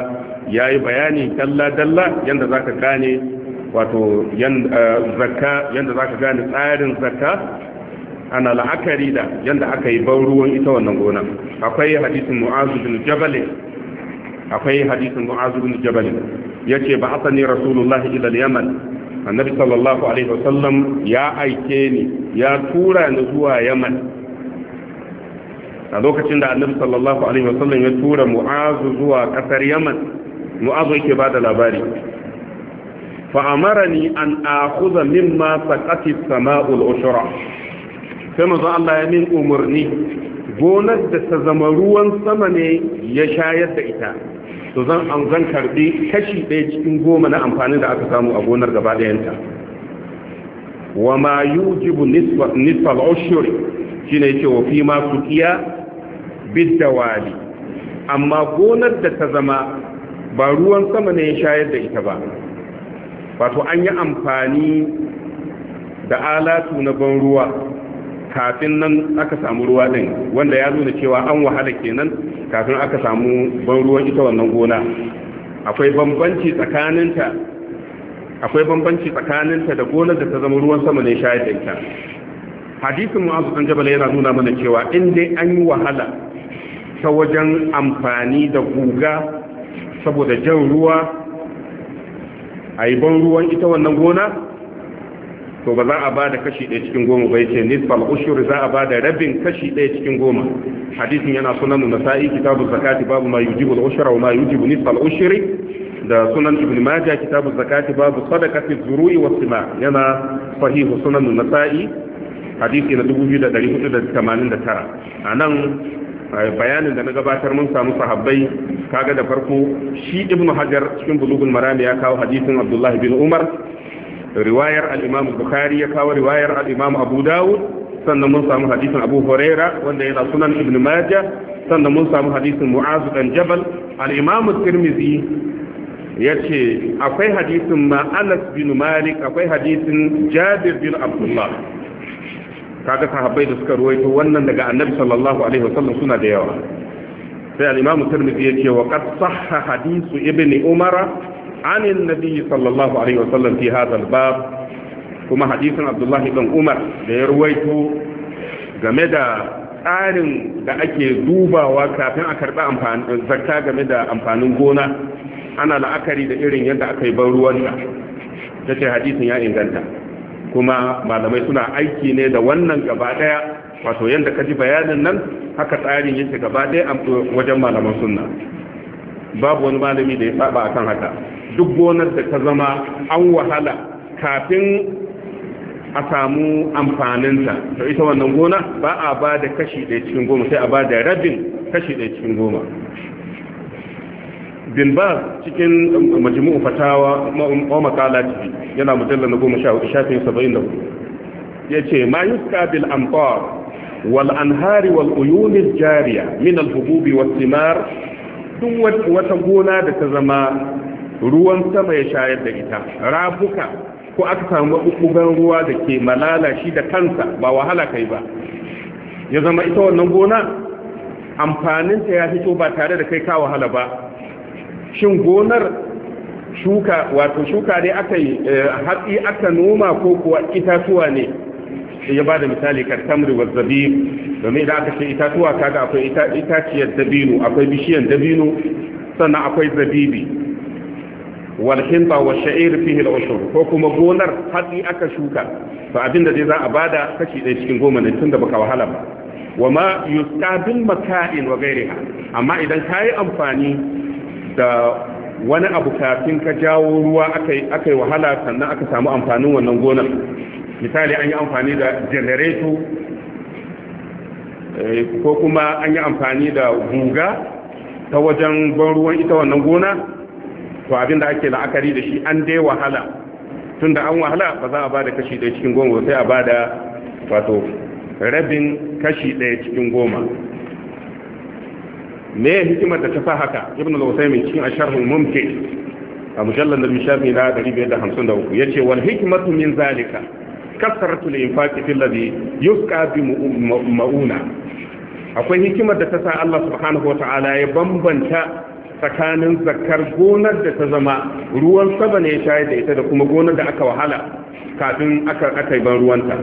ya yi bayani dalla-dalla yadda za ka gane wato eh, zakka yanda za ka gane tsarin zakka ana la'akari da yanda aka yi ban ruwan ita wannan gona akwai hadisin mu'azu bin jabal akwai hadisin mu'azu bin ya ce ba asani rasulullahi ila yaman annabi sallallahu alaihi wasallam ya aike ni ya tura ni zuwa yaman a lokacin da annabi sallallahu alaihi wasallam ya tura mu'azu zuwa kasar yaman mu'azu yake da labari fa'amarani an akuza mimma sakati sama'ul ushura sai manzo Allah ya min umarni gonar da ta zama ruwan sama ne ya shayar da ita to zan an zan karbi kashi ɗaya cikin goma na amfanin da aka samu a gonar gaba ɗayanta wa ma yujibu nisfal ushuri shine yake wa fi ma suqiya bidawali amma gonar da ta zama ba ruwan sama ne ya shayar da ita ba wato an yi amfani da alatu na ban ruwa kafin nan aka samu ruwa ɗin wanda ya nuna cewa an wahala kenan kafin aka samu ban ruwan ita wannan gona akwai bambanci tsakaninta akwai bambanci tsakaninta da gonar da ta zama ruwan sama ne shayar da ita hadisin mu'azu dan jabal yana nuna mana cewa in dai an yi wahala ta wajen amfani da guga saboda jan ruwa a yi ban ruwan ita wannan gona to ba za a ba da kashi ɗaya cikin goma ba ce nisbal ushur za a ba da rabin kashi ɗaya cikin goma hadisin yana sunan nasa'i kitabu zakati babu ma yujibu al-ushra wa ma yujibu nisbal ushri da sunan ibn majah kitabu zakati babu sadaqati zuru'i wa sima yana sahihu sunan nasa'i hadisi na 2489 anan Eh, bayanin da na gabatar mun samu sahabbai kaga da farko shi ibnu hajar cikin bulugul marami ya kawo hadisin abdullahi bin umar riwayar al-imam bukhari ya kawo riwayar al-imam abu dawud sannan mun samu hadisin abu huraira wanda yana sunan ibnu majah sannan mun samu hadisin mu'az dan jabal al-imam tirmidhi yace akwai hadisin ma'anas bin malik akwai hadisin jabir bin abdullah kaga sahabbai da suka ruwaito wannan daga annabi sallallahu alaihi wasallam suna da yawa sai al-imam tirmidhi yace wa qad sahha hadithu ibn umara an annabi sallallahu alaihi wasallam fi hadha al-bab kuma hadisin abdullahi ibn umar da ya ruwaito game da tsarin da ake dubawa kafin a karɓi amfanin zakka game da amfanin gona ana la'akari da irin yadda aka yi ban ruwan ta ce hadisin ya inganta kuma malamai suna aiki ne da wannan gaba daya wato yanda ka ji bayanin nan haka tsarin yake gaba daya wajen malaman sunna babu wani malami da ya saba akan haka duk gonar da ta zama an wahala kafin a samu amfaninta to ita wannan gona ba a ba da kashi ɗaya cikin goma sai a ba da rabin kashi ɗaya cikin goma bin ba cikin um, majmu'u fatawa wa makala ciki yana mujallar na goma shafin saba'in da hudu ya ce ma yuska bil amtar wal anhari wal uyuni jariya min al hububi was simar duk wata gona da ta zama ruwan sama ya shayar da ita rabuka ko aka samu mabubugan ruwa da ke malala shi da kansa ba wahala kai ba ya zama ita wannan gona amfaninta ya fito ba tare da kai ka wahala ba shin gonar shuka wato shuka ne aka yi eh, hatsi aka noma ko kuwa itatuwa ne ya ba da misali kattamri wa zabiru domin idan aka ce itatuwa kaga akwai itaciyar dabino akwai bishiyar dabino sannan akwai zabibi walhinta wa sha'ir fihi al ko kuma gonar hatsi aka shuka to abinda dai za a bada kashi ɗaya cikin goma ne da baka wahala ba wa ma yusqa maka'in wa ghayriha amma idan yi amfani da wani abu kafin ka jawo ruwa aka yi wahala sannan aka samu amfanin wannan gonar misali an yi amfani da janareto eh, ko kuma an yi amfani da guga ta wajen ban ruwan ita wannan gona to abin da ake la'akari da shi an dai wahala tun da an wahala ba za a ba da kashi ɗaya cikin goma sai a ba da wato rabin kashi ɗaya cikin goma me hikimar da ta sa haka ibn al-usaymin cikin asharhul mumti a mujallal da mishafi na 553 yace wal hikmatu min zalika kasratu al-infaqi fil ladhi yusqa bi mauna akwai hikimar da ta sa Allah subhanahu wata'ala ya bambanta tsakanin zakar gonar da ta zama ruwan saba ne ya shayar da ita da kuma gonar da aka wahala kafin aka aka ban ruwanta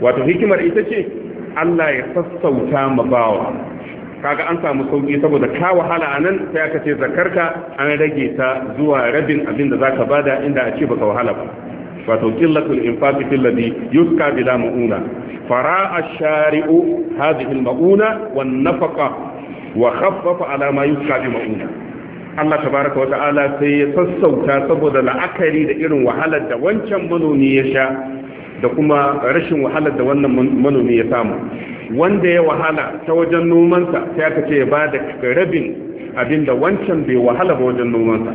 wato hikimar ita ce Allah ya sassauta ma bawa kaga an samu sauki saboda ka wahala a nan sai aka ce zakarka an rage ta zuwa rabin abin da zaka bada inda a ce baka wahala ba wato qillatul infaqi fil ladhi yuska bila mauna fara ash-shari'u hadhihi al-mauna wan nafaqa wa khaffafa ala ma yuska bi mauna Allah tabaraka wa ta'ala sai ya sassauta saboda la'akari da irin wahalar da wancan manomi ya sha da kuma rashin wahalar da wannan manomi ya samu wanda ya wahala ta wajen nomansa sai aka ce ya ba da rabin abinda wancan bai wahala ba wajen nomansa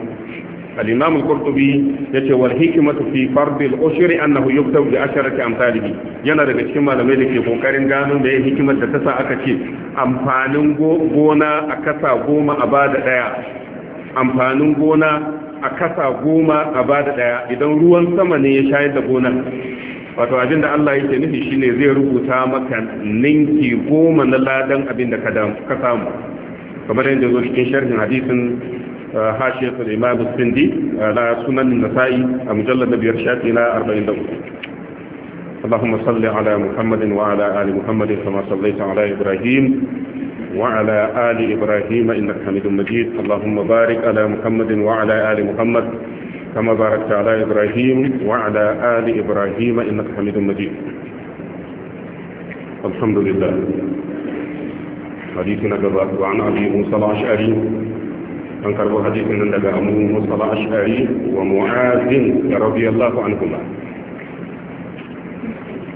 wal hikmatu fi fard al-ushri annahu yuktab bi asharati amsalihi yana daga cikin malamai da ke kokarin gano da ya hikimar da ta sa aka ce amfanin gona a kasa goma a bada daya amfanin gona a kasa goma a bada daya idan ruwan sama ne ya shayar da gonar wato abin da Allah yake nufi shine zai rubuta maka ninki goma na ladan abin da ka samu kamar yadda zo cikin sharhin hadisin uh, hashiyatu da imam sindi uh, na sunan nasa'i a mujallar da biyar shafi na 43 اللهم صل على محمد وعلى آل محمد كما صليت على إبراهيم وعلى آل إبراهيم إنك حميد مجيد اللهم بارك على محمد وعلى آل محمد كما باركت على إبراهيم وعلى آل إبراهيم إنك حميد مجيد الحمد لله حديثنا كذلك وعن أبي موسى العشقري أنكر بحديثنا لك ابو موسى العشقري ومعاذ رضي الله عنهما.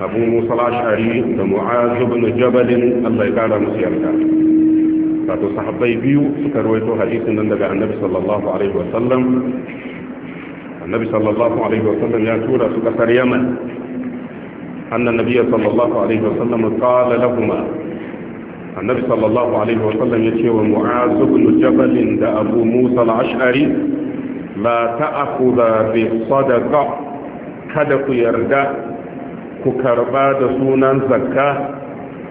أبو موسى العشقري ومعاذ بن جبل الله يكاد مسيحك فاتو صحبي بيو سكرويتو حديثنا لك النبي صلى الله عليه وسلم النبي صلى الله عليه وسلم يقول في سكسر اليمن أن النبي صلى الله عليه وسلم قال لهما النبي صلى الله عليه وسلم يقول ومعاذ بن جبل عند أبو موسى العشعري لا تأخذ بالصدقة كدق يرد ككرباد سونا زكاة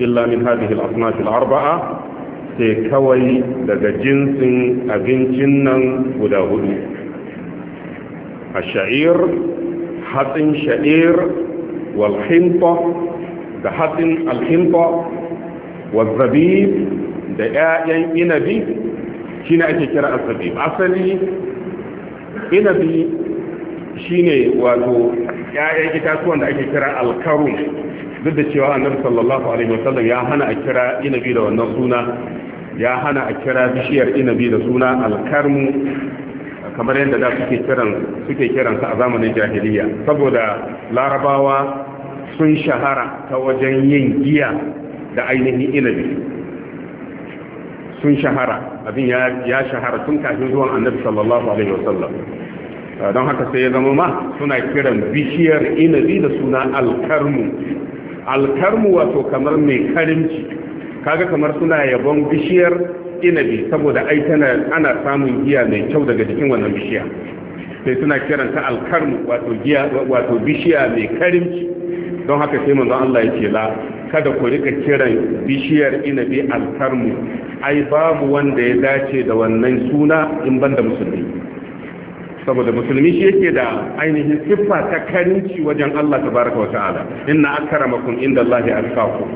إلا من هذه الأصناف الأربعة سيكوي لدى جنس أبن جنن وداهدو shair, الشعير حطن شعير والخنطة ده حطن الخنطة والزبيب ده آيان إنبي شين أكي كرا الزبيب أصلي إنبي shine wato ƴaƴan itatuwan da ake kira alkaru duk da cewa annabi sallallahu alaihi wasallam ya hana a kira inabi da wannan suna ya hana a kira bishiyar inabi da suna alkarmu kamar yadda da suke kiran suke kiransa a zamanin jahiliya saboda larabawa sun shahara ta wajen yin giya da ainihin inabi sun shahara abin ya shahara tun kafin zuwan annabi sallallahu alaihi wasallam ah, don haka sai ya zama ma suna kiran bishiyar inabi da suna alkarmu alkarmu wato kamar mai karimci kaga kamar suna yabon bishiyar inabi saboda ai tana ana samun giya mai kyau daga cikin wannan bishiya sai suna kiranta alkarmu wato giya wato bishiya mai karimci don haka sai manzon Allah ya ce la kada ku rika kiran bishiyar inabi alkarmu ai babu wanda ya dace da wannan suna in banda musulmi saboda musulmi shi yake da ainihin siffa ta karimci wajen Allah tabaraka wa ta'ala inna akramakum inda Allah atqakum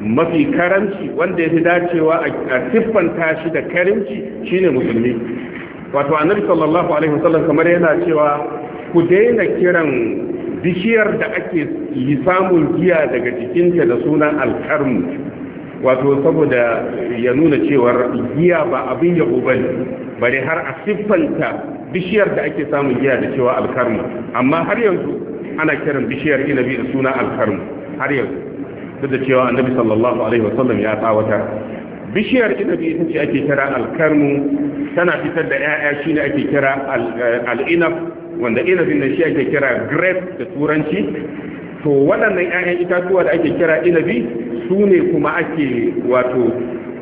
mafi karanci, wanda ya fi dacewa a siffanta shi da karimci shine musulmi wato annabi sallallahu alaihi wasallam kamar yana cewa ku daina kiran bishiyar da ake yi samun giya daga jikinta da sunan alkarmu wato saboda ya nuna cewar giya ba abin yabo bane bare har a siffanta bishiyar da ake samun giya da cewa alkarmu amma har yanzu ana kiran bishiyar inabi da sunan alkarmu har yanzu duk da cewa annabi sallallahu alaihi wa sallam ya tsawata bishiyar inabi ita ce ake kira alkarmu tana fitar da 'ya'ya shi ne ake kira eh, al'inaf wanda inabin nan shi ake kira grape da turanci to waɗannan 'ya'yan itatuwa da ake kira inabi su ne kuma ake wato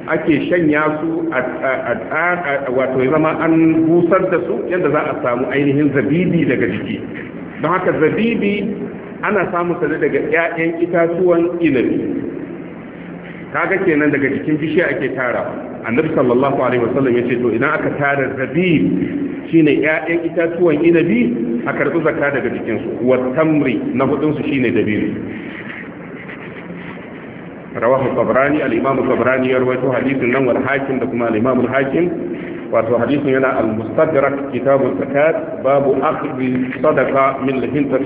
ake shanya su wato ya zama an busar da su yadda za a samu ainihin zabibi daga jiki don haka zabibi ana samun sa daga ƴaƴan itatuwan inabi kaga kenan daga jikin bishiya ake tara annabi sallallahu alaihi wasallam yace to idan aka tara zabib shine ƴaƴan itatuwan inabi a karɓi zakka daga jikin su wa tamri na hudun su shine dabiri rawahu tabrani al-imam tabrani ya rawaito hadithin nan da kuma al-imam wato hadisin yana al-mustadrak kitabul babu akhdhi sadaqa min al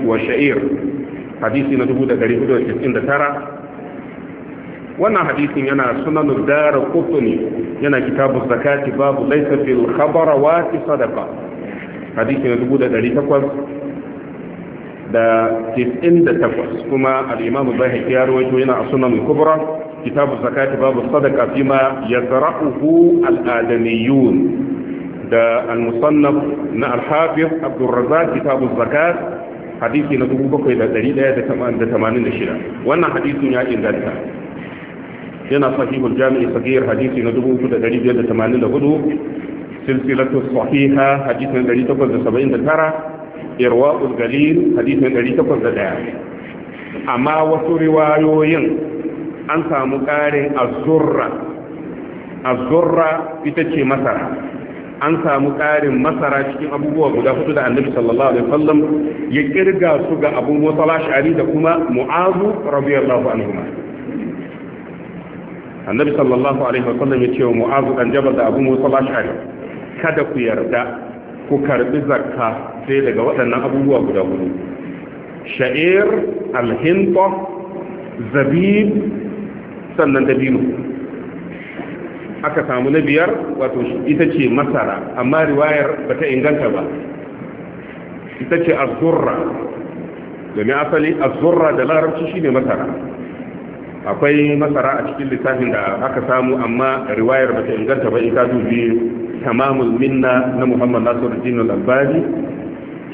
hadisi na 1499 wannan hadisin yana sunan dara kutuni yana kitabu zakati babu laysa fil khabara wa sadaqa hadisi na 1800 da 98 kuma al'imamu zai ya rawaito yana a sunan kubra kitabu zakati babu sadaka fi ma ya zara'uhu al'adaniyun da al-musannaf na al-hafiz abdurrazzaq kitabu zakat hadisi na dubu bakwai da da da tamanin shida. wannan hadisin ya inganta yana sahihul jami'i sahihar hadisi na dubu uku da da da tamanin hudu, silsilatu sahiha hadisi na 879 irwa'ul galil hadisi na ɗaya. amma wasu riwayoyin an samu ƙarin azurra azurra ita ce masara an samu ƙarin masara cikin abubuwa guda hudu da annabi sallallahu alaihi wasallam ya kirga su ga abu musa ash'ari da kuma mu'azu radiyallahu anhu annabi sallallahu alaihi wasallam ya ce wa mu'azu dan jabal da abu musa ash'ari kada ku yarda ku karbi zakka sai daga waɗannan abubuwa guda hudu sha'ir alhinta zabib sannan dabino aka samu na biyar wato ita ce masara amma riwayar ba ta inganta ba ita ce azurra domin asali azurra da larabci shi ne masara akwai masara a cikin littafin da aka samu amma riwayar ba ta inganta ba ita dubi tamamul minna na muhammad nasiru jinul albani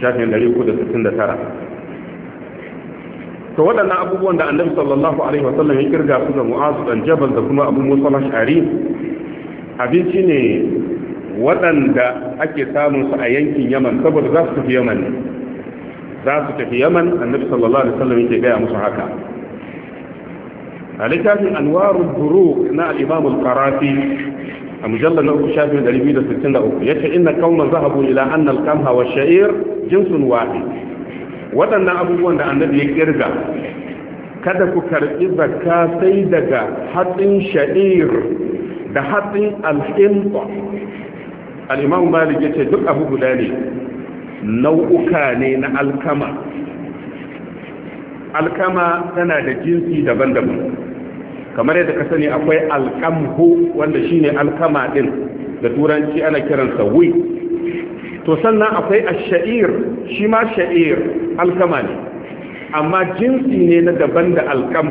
shafin 369 to waɗannan abubuwan da annabi sallallahu alaihi wa sallam ya kirga su da mu'azu dan jabal da kuma abu musa ash'ari abinci ne waɗanda ake samun su a yankin yaman saboda za su tafi yaman za su tafi yaman annabi sallallahu alaihi wa sallam yake gaya musu haka a littafin anwarul duru na al-imam al-qarafi a mujallar na uku shafin 263 yace inna kauna zahabu ila anna kamha wa sha'ir jinsun wahid waɗannan abubuwan da annabi ya kirga kada ku karɓi zakka sai daga hatsin sha'ir da hatsin alhinta al'imam malik ya ce duk abu guda ne nau'uka ne na alkama alkama tana da jinsi daban-daban kamar yadda ka sani akwai alkamhu wanda shine alkama din da turanci ana kiransa wheat to sannan akwai ash-sha'ir shi ma sha'ir alkama ne amma jinsi ne na daban da alkam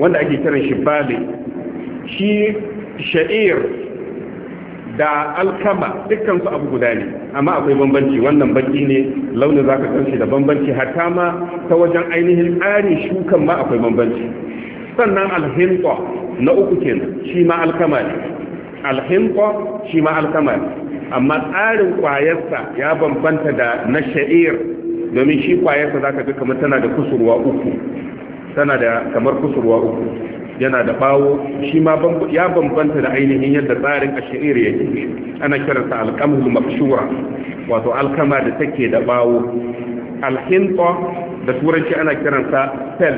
wanda ake kiran shi bale shi sha'ir da alkama dukkan su abu guda ne amma akwai bambanci wannan baki ne launin zaka san shi da bambanci hatta ma ta wajen ainihin tsari shukan ma akwai bambanci sannan alhinqa na uku kenan shi ma alkama ne alhinqa shi ma alkama ne amma tsarin kwayarsa ya bambanta da na sha'ir domin shi kwayarsa zaka ga kamar tana da kusurwa uku tana da kamar kusurwa uku yana da bawo shi ma ya bambanta da ainihin yadda tsarin ya yake ana kiransa alkamul makshura wato alkama da take da bawo alhinta da turanci ana kiransa sel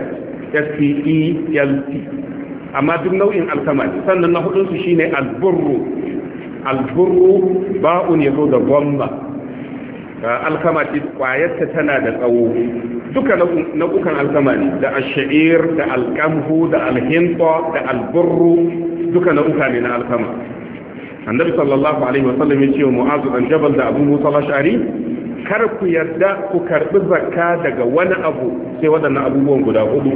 s-p-e-l-t e amma duk nau'in alkama sannan na hudunsu shine alburru alburu ba'un ya zo da gwamma alkama ce kwayarta tana da tsawo duka nau'ukan alkama ne da asha'ir da alkamhu da alhinta da alburu duka nau'uka ne na alkama annabi sallallahu alaihi wasallam ya ce wa mu'azu dan jabal da abu musa ash'ari kar ku yarda ku karbi zakka daga wani abu sai waɗannan abubuwan guda hudu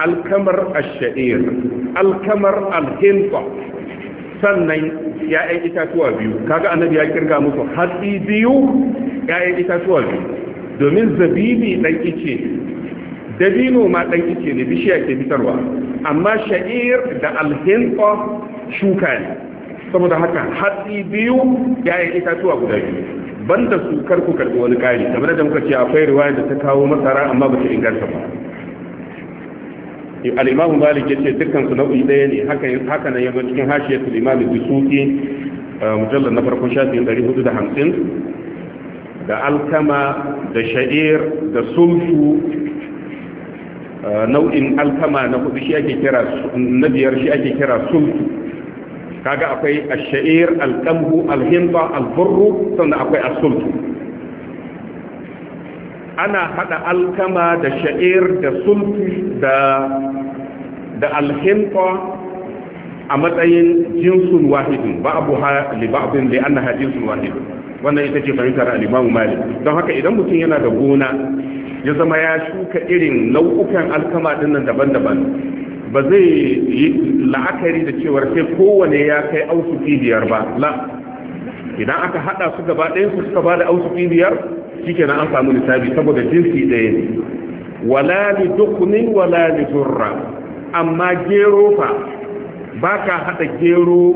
alkamar asha'ir alkamar alhinta sannan ya'yan itatuwa biyu kaga annabi ya kirga musu hatsi biyu ya'yan itatuwa biyu domin zabibi dan ice dabino ma dan ice ne bishiya ke fitarwa amma sha'ir da alhinqa shuka saboda haka hatsi biyu ya'yan itatuwa guda biyu banda su karku karɓi wani kari kamar da muka ce akwai riwaya da ta kawo masara amma ba ta inganta ba al-imam malik yace dukkan su nau'i daya ne haka haka nan yazo cikin hashiyatul imam bisuki eh, mujallal na farkon shafin 450 da alkama da sha'ir da sulfu eh, nau'in alkama na hudu shi ake kira na biyar shi ake kira sulfu kaga akwai a shair al-qamhu al sannan akwai a sulfu ana hada alkama da sha'ir da sulfu da da alhimta a matsayin jinsun wahidin ba abu ha li ba'din li annaha jinsun wahidin wannan ita ce fahimtar al-Imam Malik don haka idan mutum yana da gona ya zama ya shuka irin nau'ukan alkama dinnan daban-daban ba zai yi la'akari da cewar sai kowane ya kai ausu biyar ba la idan aka hada su gaba ɗayan su suka bada ausuki biyar na an samu lissafi saboda jinsi ɗaya ne wala li duknin wala li zurra amma gero fa ba ka haɗa gero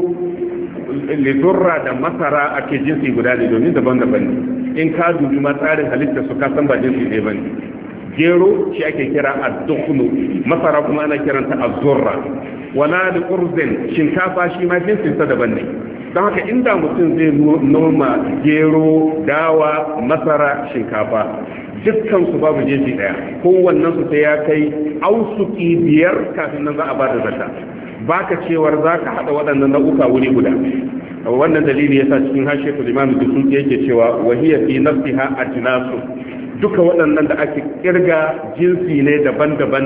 lidurra da masara a ke jinsi guda ne domin daban-daban ne in ka dubi ma tsarin halitta su kasan ba jinsi ne ba ne gero shi ake kira addukunu masara kuma ana kiranta azzurra wala da urzin shinkafa shi ma jinsin sa daban ne don haka inda mutum zai noma gero dawa masara shinkafa dukkan su babu jinsi daya kowannen su sai ya kai ausuki biyar kafin nan za a bada zakka baka cewar zaka haɗa waɗannan nau'uka wuri guda wannan dalili yasa cikin ku hashiyatul imam dusuki yake cewa wahiya fi nafsiha ajnasu duka waɗannan da ake kirga jinsi ne daban-daban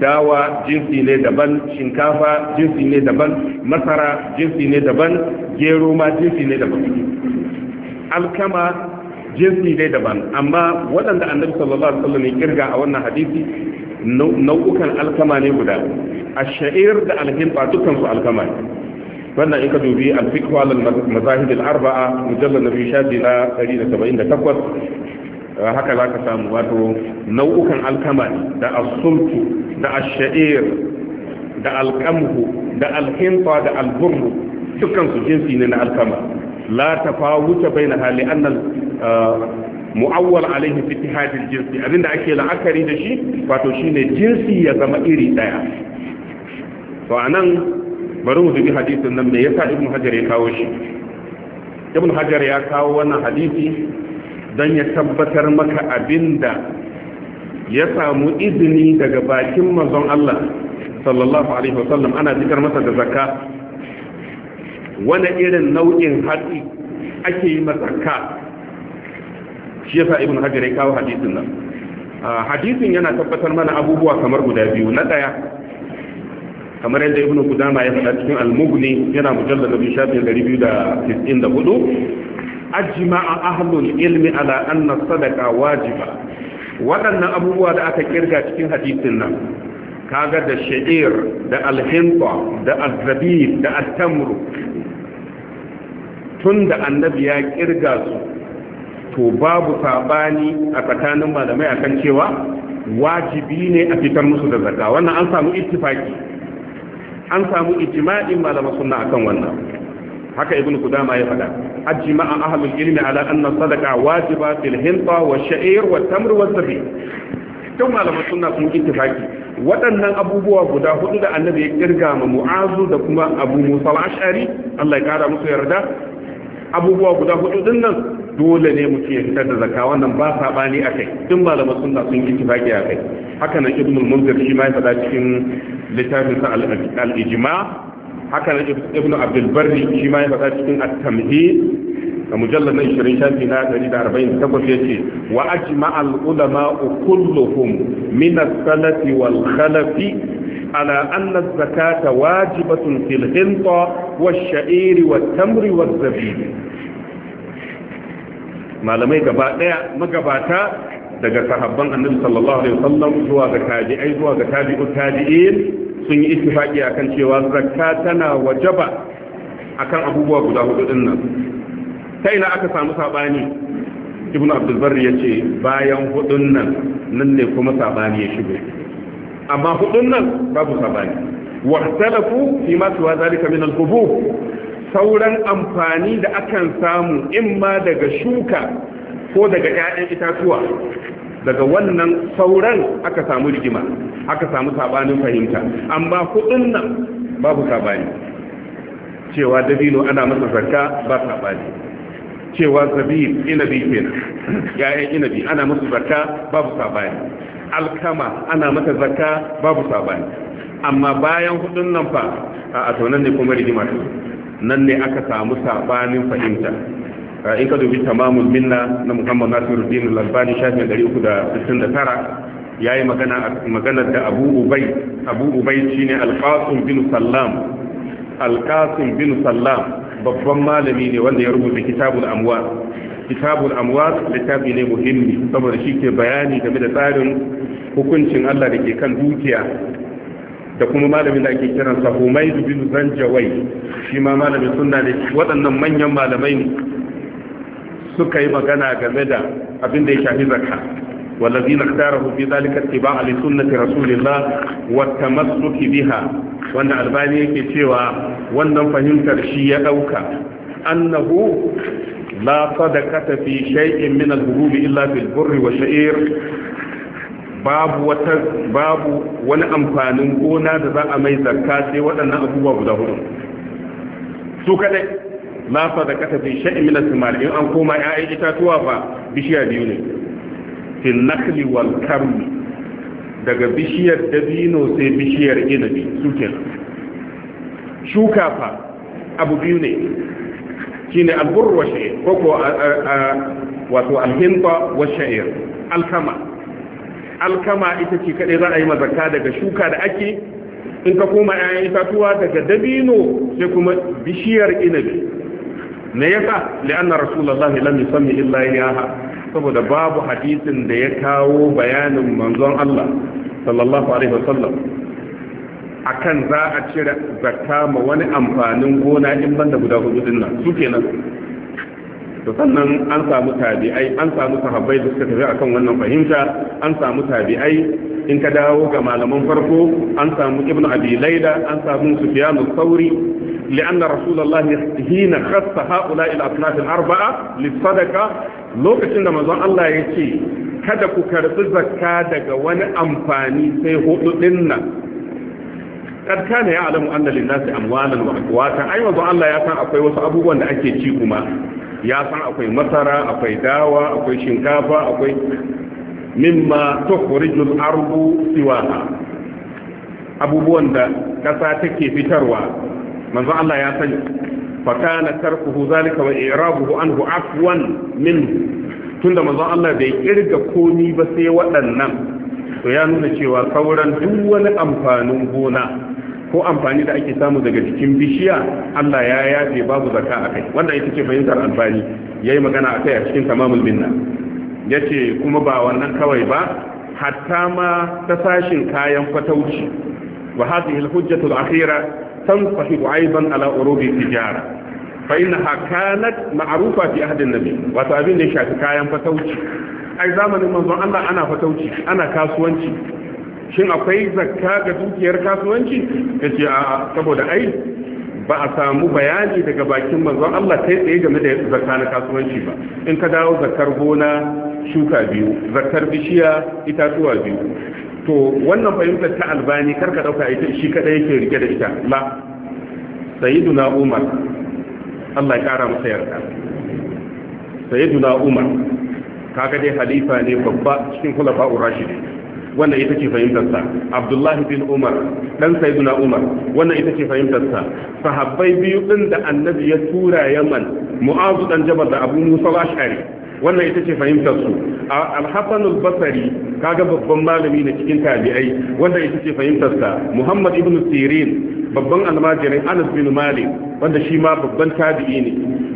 dawa jinsi ne daban shinkafa jinsi ne daban masara jinsi ne daban gero ma jinsi ne daban alkama jinsi dai daban amma waɗanda annabi sallallahu alaihi wasallam ya kirga a wannan hadisi nau'ukan alkama ne guda ash-sha'ir da al-hinba dukkan su alkama ne wannan in ka dubi al-fiqh wal mazahib al-arba'a mujallad nabi shadi na 178 eh, haka za ka samu wato nau'ukan alkama ne da as-sultu da ash-sha'ir da al-qamhu da al-hinba da al-burru dukkan su jinsi ne na alkama la tafawuta baina hali annan mu'awwal alaihi fi ittihadil jinsi abinda ake la'akari da shi wato shine jinsi ya zama iri ɗaya to a nan bari mu dubi hadisin nan me yasa ibnu hajar ya kawo shi ibnu hajar ya kawo wannan hadisi don ya tabbatar maka abinda ya samu izini daga bakin manzon Allah sallallahu alaihi wasallam ana zikar masa da zakka wani irin nau'in hatsi ake yi matsaka shi yasa ibn hajar kawo hadisin nan hadisin yana tabbatar mana abubuwa kamar guda biyu na ɗaya. kamar yadda ibn kudama ya faɗa cikin almugni, yana mujallar da shafin 294 a ahlul ilmi ala anna wajiba waɗannan abubuwa da aka kirga cikin hadisin nan kaga da sha'ir da alhinta da azabi da attamru tun da annabi ya kirga su to babu sabani a tsakanin malamai akan cewa wajibi ne a fitar musu da zakka wannan an samu ittifaki an samu ijma'in malama sunna akan wannan haka ibnu kudama ya faɗa ajma'a ahlul ilmi ala anna sadaqa wajiba fil hinta wa sha'ir wa tamr wa safi duk malaman sunna sun ittifaki waɗannan abubuwa guda hudu da annabi ya kirga ma mu'azu da kuma abu musa al-ash'ari Allah ya kara musu yarda abubuwa guda hudu din nan dole ne mu ya fitar da zakka wannan ba sabani a kai duk malamai sunna sun yi tafaki a kai haka nan ibn munzir shi ma ya faɗa cikin littafin sa al-ijma haka nan abdul barri shi ma ya faɗa cikin at-tamhid a mujallar na 20 shafi na 148 yace wa ajma al ulama kulluhum min as-salafi wal khalafi ala anna az-zakata wajibatun fil hinta wash-sha'ir malamai gaba magabata daga sahabban annabi sallallahu alaihi wasallam zuwa ga tabi'ai zuwa ga tabi'u tabi'in sun yi ittifaqi akan cewa zakka tana wajaba akan abubuwa guda hudu din nan ta ina aka samu sabani ibn abdulbar ya ce bayan hudun nan nan ne kuma sabani ya shigo amma hudun nan babu sabani talafu fi ma tuwa zalika min al-hubub sauran amfani da akan samu imma daga shuka ko daga ƴaƴan itatuwa daga wannan sauran aka samu rigima aka samu sabanin fahimta amma hudun nan babu sabani cewa dabino ana masa zakka ba sabani cewa zabib inabi kenan ya'yan inabi ana musu zakka babu sabani alkama ana mata zakka babu sabani amma bayan hudun nan fa a tonan ne kuma rigima nan ne aka samu sabanin fahimta in ka dubi tamamul minna na muhammad nasiruddin al-albani shafin 369 ya yi magana da abu ubai. abu ubai shine al bin sallam al bin sallam babban malami ne wanda ya rubuta kitabul amwat kitabul amwat littafi ne muhimmi saboda shi ke bayani game da tsarin hukuncin Allah da ke kan dukiya da kuma malamin da ake kiran sa Humayd bin Zanjawai shi ma malamin sunna ne waɗannan manyan malamai suka yi magana game da abin da ya shafi zakka والذين اختاره في ذلك اتباع لسنة رسول الله والتمسك بها وأن الباني yake cewa wannan fahimtar shi أنه لا صدقة في شيء من الهروب إلا في البر والشعير babu wata babu wani amfanin gona da za a mai zakka sai waɗannan abubuwa guda hudu su kadai la sadaqata fi shay'in min al-thimar in an koma ya'yan itatuwa fa bishiya biyu ne fil nakli wal karmi daga bishiyar dabino sai bishiyar inabi suke shuka fa abu biyu ne shine albur wa sha'ir ko ko wato alhinta wa sha'ir alkama alkama ita ce kaɗai za a yi mazaka daga shuka da ake in ka koma 'ya'yan itatuwa daga dabino sai kuma bishiyar inabi me yasa li'anna rasulullahi lam yusammi illa iyaha saboda babu hadisin da ya kawo bayanin manzon Allah sallallahu alaihi wasallam akan za a cire zakka ma wani amfanin gona in banda guda hudu din nan su kenan to sannan an samu tabi'ai an samu sahabbai da suka tafi akan wannan fahimta an samu tabi'ai in ka dawo ga malaman farko an samu ibnu abi laila an samu sufyan sauri لأن رسول الله هنا خص هؤلاء الأصناف الأربعة للصدقة da لما ظن الله يتي kada ku karɓi zakka daga wani amfani sai hudu ɗinna. nan kad kana ya alamu anna linnasi amwalan wa aqwatan ai wazo Allah ya san akwai wasu abubuwan da ake ci kuma ya san akwai masara akwai dawa akwai shinkafa akwai mimma tukhrijul ardu siwaha abubuwan da kasa take fitarwa manzo Allah ya sani fa kana tarkuhu zalika wa i'rabuhu anhu afwan min. tunda manzo Allah bai kirga komi ba sai waɗannan to ya nuna cewa sauran duk wani amfanin gona ko amfani da ake samu daga jikin bishiya Allah ya yafe babu zakka a kai wanda ita ce fahimtar ya yayi magana a kai a cikin tamamul minna yace kuma ba wannan kawai ba hatta ma ta sashin kayan fatauci wa hadhihi al-hujjatu al-akhira tanfahidu aiban ala urubi tijara fa innaha kanat ma'rufa fi ahdin nabi wato abin ne ya shafi kayan fatauci ai zamanin manzon Allah ana fatauci ana kasuwanci shin akwai zakka ga dukiyar kasuwanci kace a saboda ai ba a samu bayani daga bakin manzon Allah kai tsaye game da zakka kasuwanci ba in ka dawo zakkar gona shuka biyu zakkar bishiya itatuwa biyu to wannan fahimtar ta albani karka dauka ita shi kada yake rike da ita la sayyiduna umar Allah ya kara masa yarda sayyiduna umar kaga dai halifa ne babba cikin khulafa'ur rashidin wannan ita ce fahimtar sa abdullahi bin umar dan sayyiduna umar wannan ita ce fahimtar sa sahabbai biyu din da annabi ya tura yaman mu'azu dan jabal da abu musa al-ash'ari wannan ita ce fahimtar su a hasan al kaga babban malami na cikin tabi'ai wanda ita ce fahimtar sa muhammad ibn sirin babban almajirin anas bin malik wanda shi ma babban tabi'i ne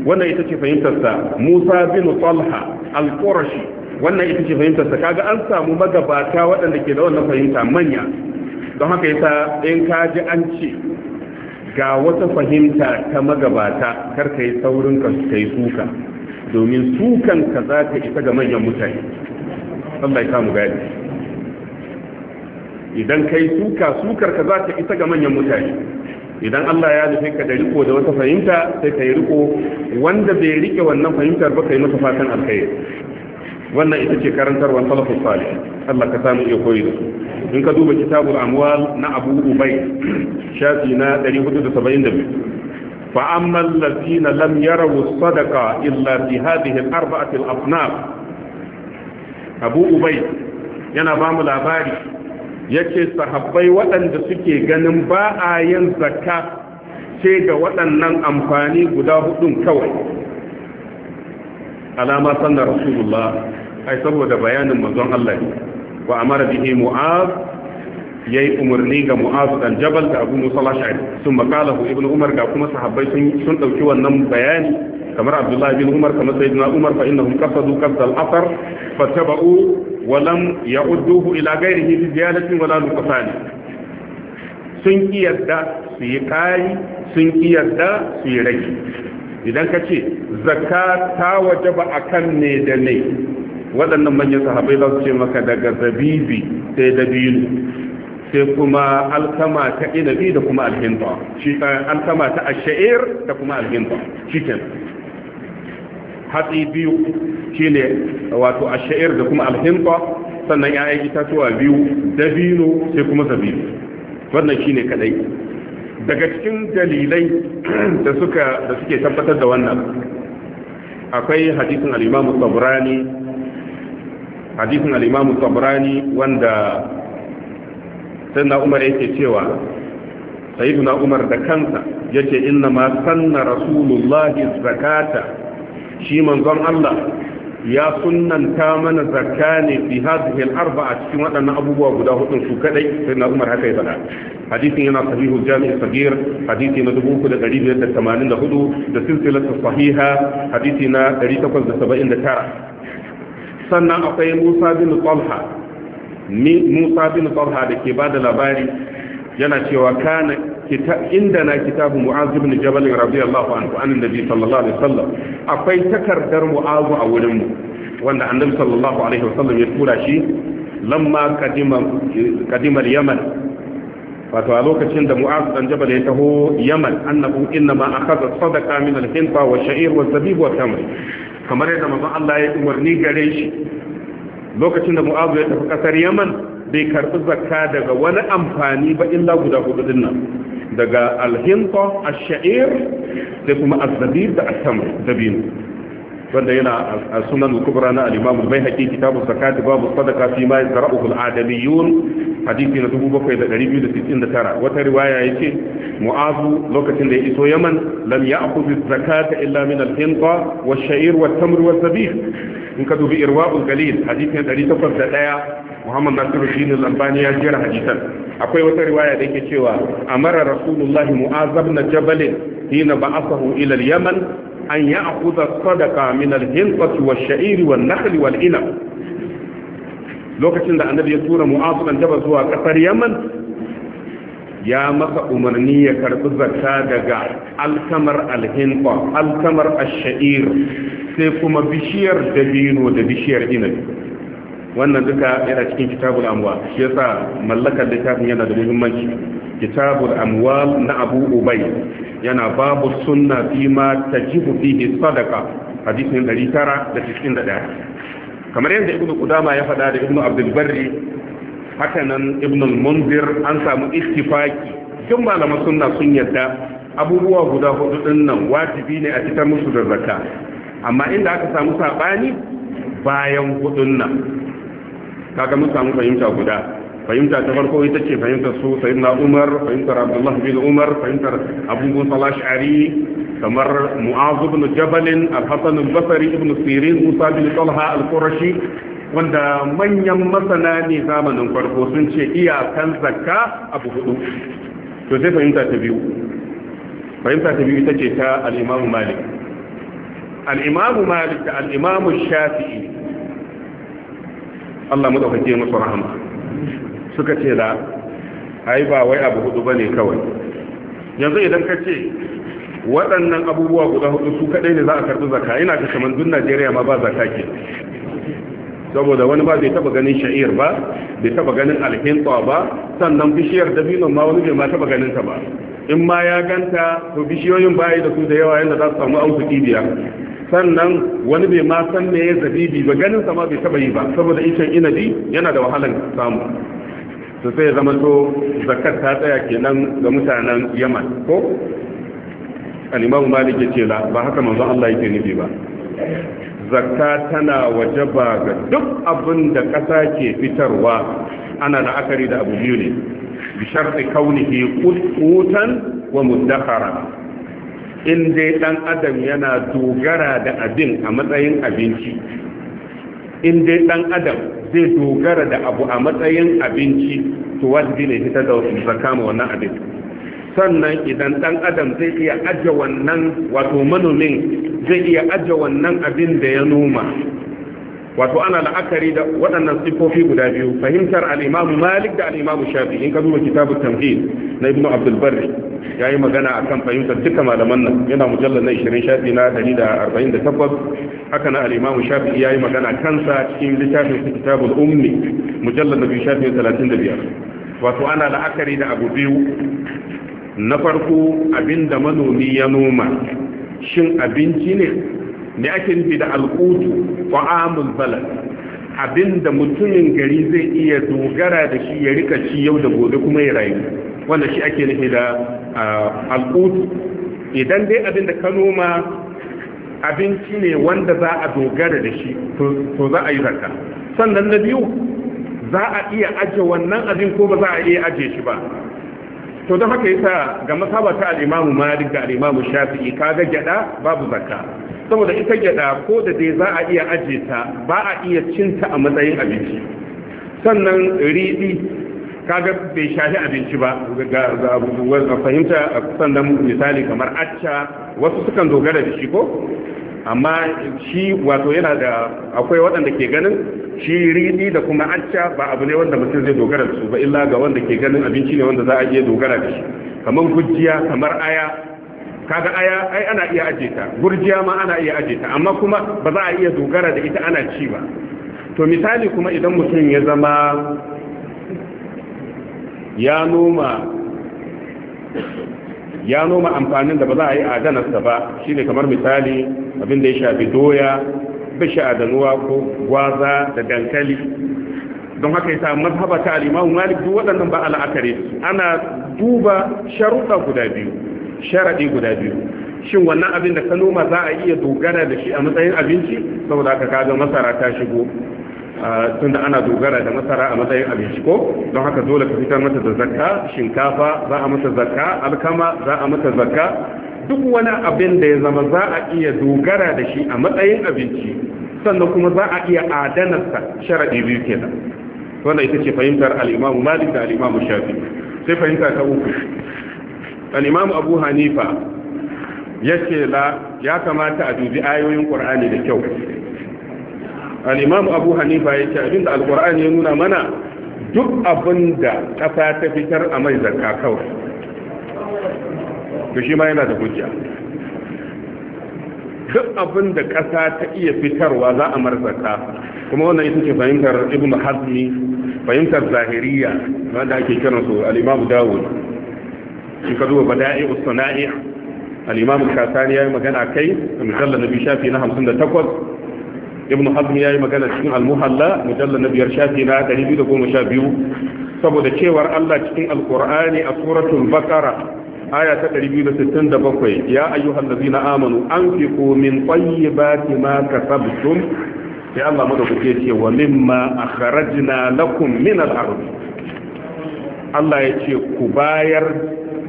wannan ita ce fahimtar sa musa bin talha al-qurashi wannan ita ce fahimtar sa kaga an samu magabata waɗanda ke da wannan fahimta manya don haka yasa in ka ji an ce ga wata fahimta ta magabata kar ka yi saurin ka kai suka domin sukan ka za ka isa ga manyan mutane Allah ya samu gani idan kai suka sukar ka za ka isa ga manyan mutane idan Allah ya nufi ka da riko da wata fahimta sai ka yi riko wanda bai rike wannan fahimtar ba ka yi masa fatan alkhairi wannan ita ce karantar karantarwar salafus salih Allah ka samu iya koyi da su in ka duba kitabul amwal na Abu Ubay shafi na 472 فأما الذين لم يروا الصدقة إلا في الأربعة الأصناف أبو أبي yana bamu labari. Ya yake sahabbai waɗanda suke ganin ba a yin zakka ce ga waɗannan amfani guda hudun kawai alama sannar rasulullah ai saboda bayanin manzon Allah wa amara bihi mu'az yayi umarni ga mu'azu dan jabal da abu musa al-ash'ari sun makalahu ibn umar ga kuma sahabbai sun ɗauki wannan bayani kamar abdullahi bin umar kamar sayyidina umar fa innahum qasadu qasd al'afar athar taba'u walam ya udduhu ila ghayrihi bi ziyadatin wala nuqsani sun kiyarda su yi kai sun kiyarda su yi rage idan ka ce zakka ta wajaba akan ne da ne waɗannan manyan sahabai za su ce maka daga zabibi sai da biyu. sai kuma alkama ta inabi da kuma alhinta shi eh, alkama ta ashair da kuma alhinta shiken hatsi biyu shine wato ashair da kuma alhinta sannan ya'yan itatuwa biyu dabino sai kuma zabibu wannan shine kadai daga cikin dalilai da suka da suke tabbatar da wannan akwai hadisin al-Imam Tabrani hadisin al-Imam Tabrani wanda sai na umar yake cewa na umar da kansa yace inna ma sanna rasulullahi zakata shi manzon Allah ya sunnanta mana zakka ne fi hadhihi al-arba'a cikin waɗannan abubuwa guda hudu su kadai sai na umar haka ya faɗa hadisin yana sahihu jami'i sagir hadisi na 3584 da silsilatu sahiha hadisi na 879 sannan akwai Musa bin Talha musa bin farha da ke da labari yana cewa kana inda na kitabu mu'az ibn jabal radiyallahu anhu an nabi sallallahu alaihi wasallam akwai takardar mu'azu a wurin mu wanda annabi sallallahu alaihi wasallam ya tura shi lamma kadima kadimar yaman wato a lokacin da mu'azu dan jabal ya taho yaman annabu inna ma akhadha sadaqa min al-hinta wa sha'ir wa zabib wa tamr kamar yadda manzon Allah ya umarni gare shi lokacin da mu'azu ya tafi kasar yaman bai karɓi zakka daga wani amfani ba illa guda hudu din nan daga alhinta ash-sha'ir da kuma az da as dabino wanda yana a sunan al-kubra na al-imam al-baihaqi kitabu zakati babu sadaqa fi ma yazra'uhu al-adamiyun hadisi na 7269 wata riwaya yace mu'azu lokacin da ya iso yaman lam ya'khudh az-zakata illa min al-hinqa wash-sha'ir wat-tamr waz-zabib in ka dubi irwa'ul galil hadisi na 801 muhammad nasiruddin al-albani ya jira hadisan akwai wata riwaya da yake cewa amara rasulullahi mu'azab na jabal hina ba'athahu ila al-yaman an ya'khudha sadaqa min al-hinqati shairi wa nakhli wal lokacin da annabi ya tura mu'azu dan jabal zuwa kasar yaman ya masa umarni ya karbi zakka daga alkamar alhinqa alkamar ash-sha'ir sai kuma bishiyar dabino da bishiyar inabi wannan duka yana cikin kitabul amwa shi yasa mallakar littafin yana da muhimmanci kitabul amwal na abu ubay yana babu sunna fi ma tajibu fihi sadaqa hadisin 991 kamar yadda ibnu qudama ya faɗa da ibnu abdul barri haka nan ibnu munzir an samu ittifaki duk malaman sunna sun yadda abubuwa guda hudu din nan wajibi ne a fitar musu da zakka amma inda aka samu sabani bayan hudun nan kaga mun samu fahimta guda fahimta ta farko ita ce fahimtar su sayyidina umar fahimtar abdullah bin umar fahimtar abubuwan salashari kamar mu'az ibn jabalin al-hasan al-basri ibn sirin musa bin talha al-qurashi wanda manyan masana ne zamanin farko sun ce iyakan zakka abu hudu to sai fahimta ta biyu fahimta ta biyu ita ce ta al'imamu malik al'imamu malik da al'imamu shafi'i Allah mu ɗaukake musu rahama suka ce da ai ba wai abu hudu bane kawai yanzu idan ka ce waɗannan abubuwa guda hudu su kaɗai ne za a karɓi zaka ina ka kaman duk najeriya ma ba zaka ke saboda wani ba zai taba ganin sha'ir ba bai taba ganin alhinta ba sannan bishiyar dabinon ma wani bai ma taba ganin ta ba in ma ya ganta to bishiyoyin bayi da su da yawa yanda za su samu auku kibiya sannan wani bai ma san me ya zabibi ba ganin sa ma bai taba yi ba saboda icen inabi yana da wahalan samu to sai zama to zakat ta tsaya kenan ga mutanen yaman ko alimam imam malik ce la ba haka manzon Allah yake nufi ba zakka tana wajaba ga duk abin da kasa ke fitarwa ana la'akari da abu biyu ne bi sharti kaunihi qutan wa mudakhara in dai dan adam yana dogara da abin a matsayin abinci in dai dan adam zai dogara da abu a matsayin abinci to wajibi ne fitar da zaka ma wannan abin sannan idan dan adam zai iya ajiye wannan wato manomin zai iya ajiye wannan abin da ya noma wato ana la'akari da waɗannan sifofi guda biyu fahimtar al'imamu Malik da al'imamu shafi in ka duba kitabu tamhi na ibnu Abdul ya yi magana a kan fahimtar duka malaman nan yana mujallar na 20 shafi na 148 haka na al-imam shafi'i yayi magana kansa cikin littafin kitabul ummi mujallad nabi shafi'i 35 wato ana la'akari da abu biyu na farko abinda manomi ya noma shin abinci ne ne ake nufi da alqutu amul balad abinda mutumin gari zai iya dogara da shi ya rika ci yau da gobe kuma ya rayu wanda shi ake nufi da ah, alqutu idan dai abinda ka noma abinci ne wanda za a dogara da shi to za a yi zaka sannan na biyu za a iya aje wannan abin ko ba za a iya aje shi ba to da haka yasa ga masaba ta al imamu Malik da al imamu Shafi'i kaga gyada babu zakka saboda ita gyada ko da dai za a iya aje ta ba a iya cinta a matsayin abinci sannan riɗi kaga bai shafi abinci ba ga fahimta sannan misali kamar acca wasu sukan dogara da shi ko amma shi wato yana da akwai waɗanda ke ganin shi riɗi da kuma acca ba abu ne wanda mutum zai dogara da su ba illa ga wanda ke ganin abinci ne wanda za a iya dogara da shi kamar gujiya kamar aya kaga aya ai ana iya aje ta gurjiya ma ana iya aje ta amma kuma ba za a iya dogara da ita ana ci ba to misali kuma idan mutum ya zama ya noma amfanin da ba za a yi adanarsa ba shi ne kamar misali abinda ya shafi doya bishi adanuwa ko gwaza da dankali don haka yasa mazhaba ta al Malik duk waɗannan ba al'akari ana duba sharuɗa guda biyu sharaɗi guda biyu shin wannan abin da ka noma za a iya dogara da shi a matsayin abinci saboda haka kaga masara ta shigo tunda ana dogara da masara a matsayin abinci ko don haka dole ka fitar mata da zakka shinkafa za a mata zakka alkama za a mata zakka duk wani abin da ya zama za a iya dogara da shi a matsayin abinci sannan kuma za a iya adanarsa sharaɗi biyu nan wannan ita ce fahimtar al'imamu malik da al'imamu shafi sai fahimta ta uku al'imamu abu hanifa ya ce la ya kamata a dubi ayoyin ƙur'ani da kyau al abu hanifa ya ce, abinda alqur'ani ya nuna mana duk abinda ƙasa ta fitar a mai zakka kawai to shi ma yana da hujja duk abin da ƙasa ta iya fitarwa za a marzaka kuma wannan ita ce fahimtar ibn hazmi fahimtar zahiriya wanda ake kiran su al dawud shi ka zuwa bada'i usna'i al Kasani ya yi magana kai mujallal nabi shafi na 58 ibn hazm ya yi magana cikin almuhalla mujallar na biyar shafi na ɗari biyu da goma sha biyu saboda cewar allah cikin alkur'ani a suratul bakara aya ta ɗari biyu da sittin da bakwai ya ayyuhan lazina amanu an fi komin ƙwayyibati ma kasabtum sai allah madaukake ce wa mimma akhrajna lakum min al allah ya ce ku bayar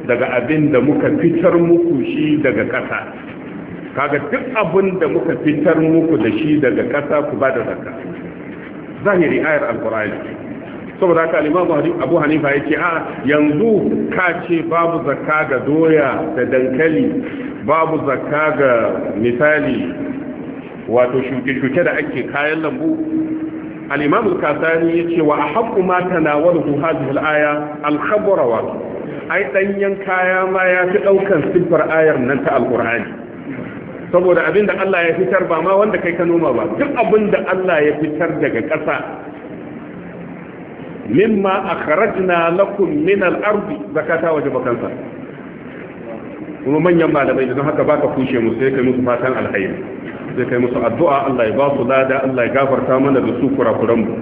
daga abin da muka fitar muku shi daga ƙasa kaga duk abin da muka fitar muku da shi daga kasa ku ba da zaka zahiri ayar alqur'ani saboda haka al-imamu Abu Hanifa yace a yanzu ka ce babu zakka ga doya da dankali babu zakka ga misali wato shuke-shuke da ake kayan lambu al-imam al-kasani yace wa ahqqu ma tanawalahu hadhihi al-aya al-khabra wa ai danyen kaya ma ya fi daukan sifar ayar nan ta al-qur'ani saboda abin da Allah ya fitar ba ma wanda kai ka noma ba duk abin da Allah ya fitar daga ƙasa mimma akhrajna lakum min al-ardi zakata waje kansa. kuma manyan malamai don haka baka kushe mu sai kai musu fatan alkhairi sai kai musu addu'a Allah ya ba su lada Allah ya gafarta mana da su kurakuran mu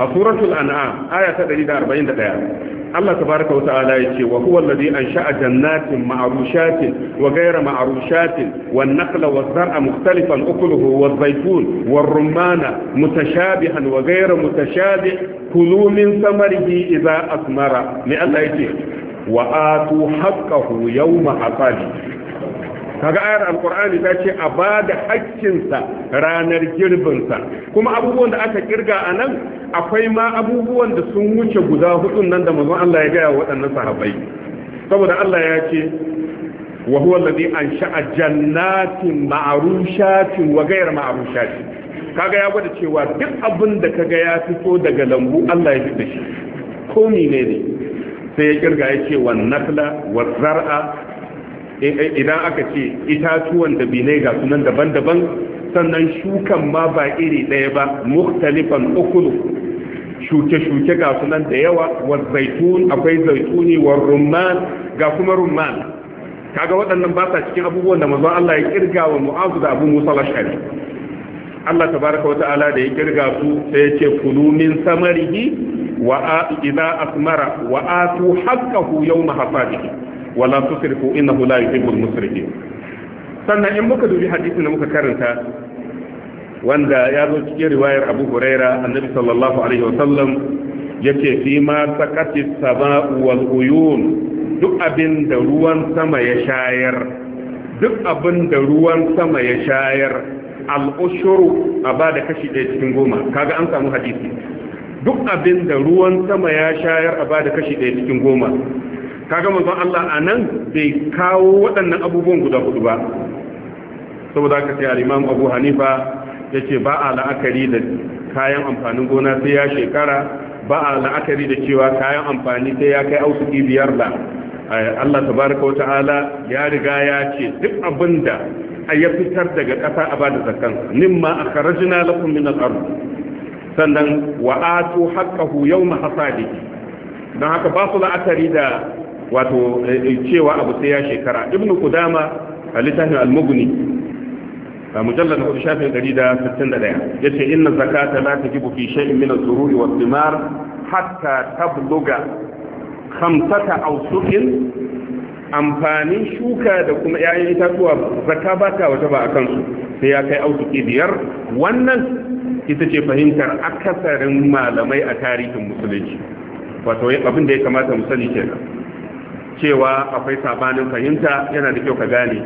a suratul an'am aya ta 141 Allah tabaraka wata'ala yace wa huwa alladhi ansha'a jannatin ma'rushatin wa ghayra ma'rushatin wan nakhla waz zar'a mukhtalifan ukuluhu waz zaytun war rumana mutashabihan wa ghayra mutashabih kulu min samarihi idha asmara me Allah yace wa atu haqqahu yawma hasadi kaga ayar alqur'ani ta ce a ba da hakkinsa ranar girbinsa kuma abubuwan da aka kirga a nan akwai ma abubuwan da sun wuce guda hudun nan da manzon Allah ya gaya waɗannan sahabbai saboda Allah ya ce wa huwa alladhi ansha'a jannatin ma'rushatin wa ghayr ma'rushatin kaga ya gwada cewa duk abin da kaga ya fito daga lambu Allah ya fita shi ko ne ne sai ya kirga ya ce wa nakla wa zar'a idan aka ce itatuwan da binai ga sunan daban-daban sannan shukan ma ba iri ɗaya ba mukhtalifan ukulu shuke-shuke ga sunan da yawa wa zaitun akwai zaituni wa rumman ga kuma rumman kaga waɗannan ba sa cikin abubuwan da manzon Allah ya kirga wa mu'azu da abu musa al Allah tabaraka wa ta'ala da ya kirga su sai ya ce kulu min samarihi wa idza asmara wa atu haqqahu yawma hasadihi wala tusrifu innahu la yuhibbul musrifin sannan in muka dubi hadisin da muka karanta wanda ya zo cikin riwayar Abu Huraira annabi sallallahu alaihi wasallam yace fi ma saqati samau wal uyun duk abin da ruwan sama ya shayar duk abin da ruwan sama ya shayar al ushuru a ba da kashi ɗaya cikin goma kaga an samu hadisi duk abin da ruwan sama ya shayar a ba da kashi ɗaya cikin goma kaga manzon Allah nan bai kawo waɗannan abubuwan guda hudu ba saboda haka ce al-Imam Abu Hanifa yace ba a la'akari da kayan amfanin gona sai ya shekara ba a la'akari da cewa kayan amfani sai ya kai ausuki biyar da eh, Allah tabaraka wata'ala ya riga ya ce duk abinda a ya fitar daga ƙasa a bada zakan nimma akhrajna lakum min al-ard sannan wa atu haqqahu yawma hasadihi don haka ba su la'akari da wato eh, eh, cewa abu sai ya shekara ibn kudama a littafin al-mughni a mujallar na shafin 161 yace inna zakata la tajibu fi shay'in min az-zururi wad-thimar hatta tabluga khamsata awsuqin amfanin shuka da kuma ‘ya'yan itatuwa zaka baka ta wata ba a kansu sai ya kai autuki biyar wannan ita ce fahimtar akasarin malamai a tarihin musulunci wato abin da ya kamata mu sani kenan cewa akwai sabanin fahimta yana da kyau ka gane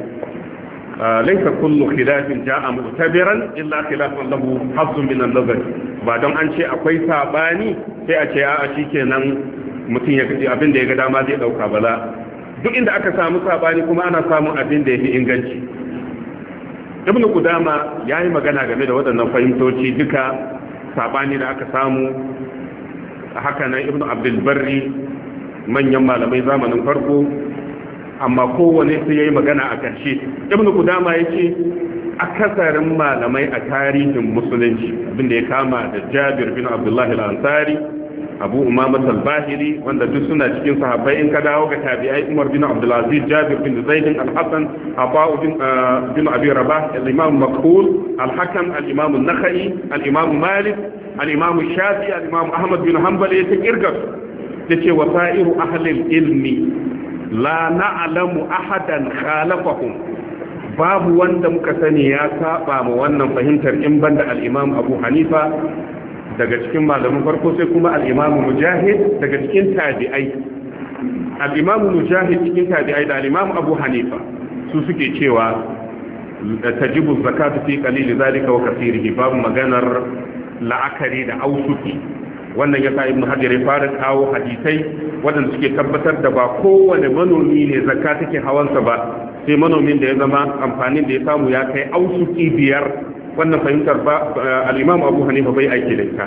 ah, laisa kullu khilafin ja'a mu'tabiran illa khilafun lahu hazzun min al-nazar ba don an ce akwai sabani sai a ce a'a shikenan mutum ya kace abin da ya ga dama zai dauka bala duk inda aka samu sabani kuma ana samun abin da yafi inganci ibn qudama yayi magana game da waɗannan fahimtoci duka sabani da aka samu haka nan ibn abdul barri manyan malamai zamanin farko amma kowane su yi magana a ƙarshe ibnu kudama yace akasarin malamai a tarihin musulunci abinda ya kama da Jabir bin abdullahi al Abu al wanda duk suna cikin sahabbai in ka dawo ga tabi'ai Umar bin abdulaziz Aziz Jabir bin Zaid al-Hasan Abu bin uh, bin Abi Rabah al-Imam Maqbul al-Hakam al-Imam an-Nakhai al-Imam Malik al-Imam Shafi al-Imam Ahmad bin Hanbal ya kirga yace wa sa'iru ahalin ilmi la na'lamu ahadan khalafahum babu wanda muka sani ya saba ma wannan fahimtar in banda al Abu Hanifa daga cikin malamin farko sai kuma Alimamu imam Mujahid daga cikin tabi'ai Alimamu Mujahid cikin tabi'ai da Alimamu Abu Hanifa su suke cewa tajibu zakatu fi qalili zalika wa kathirihi babu maganar la'akari da ausufi wannan ya sa ibn hajar ya fara kawo hadisai waɗanda suke tabbatar da ba kowane manomi ne zakka take hawansa ba sai manomin da ya zama amfanin da ya samu ya kai ausuki biyar wannan fahimtar ba al abu hanifa bai aiki da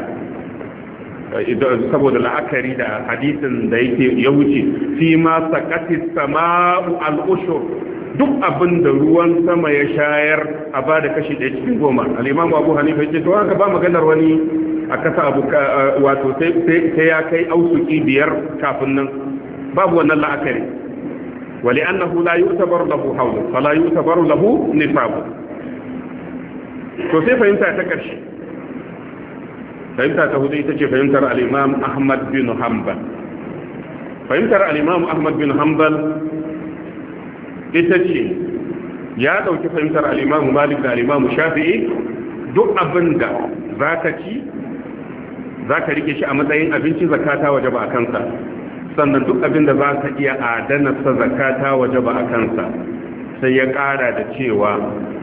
ita saboda la'akari da hadisin da yake ya wuce fi ma sakati sama'u al-ushur duk abin da ruwan sama ya shayar a ba da kashi ɗaya cikin goma al'imamu abu hanifa ce to haka ba maganar wani a kasa abu wato sai ya kai ausuki biyar kafin nan babu wannan la'akari wali an annahu la yu'tabaru lahu hawlu layu tabar lahu nisabu to sai fahimta ta ƙarshe fahimta ta hudu ita ce fahimtar al Ahmad bin Hanbal fahimtar al Ahmad bin Hanbal ita ce ya ɗauki fahimtar al'imamu malik da al'imamu shafi'i duk abin da za ka ci za ka rike shi a matsayin abinci zakata waje ba a kansa sannan duk abin da za ka iya adanarsa zakata waje ba a kansa sai ya ƙara da cewa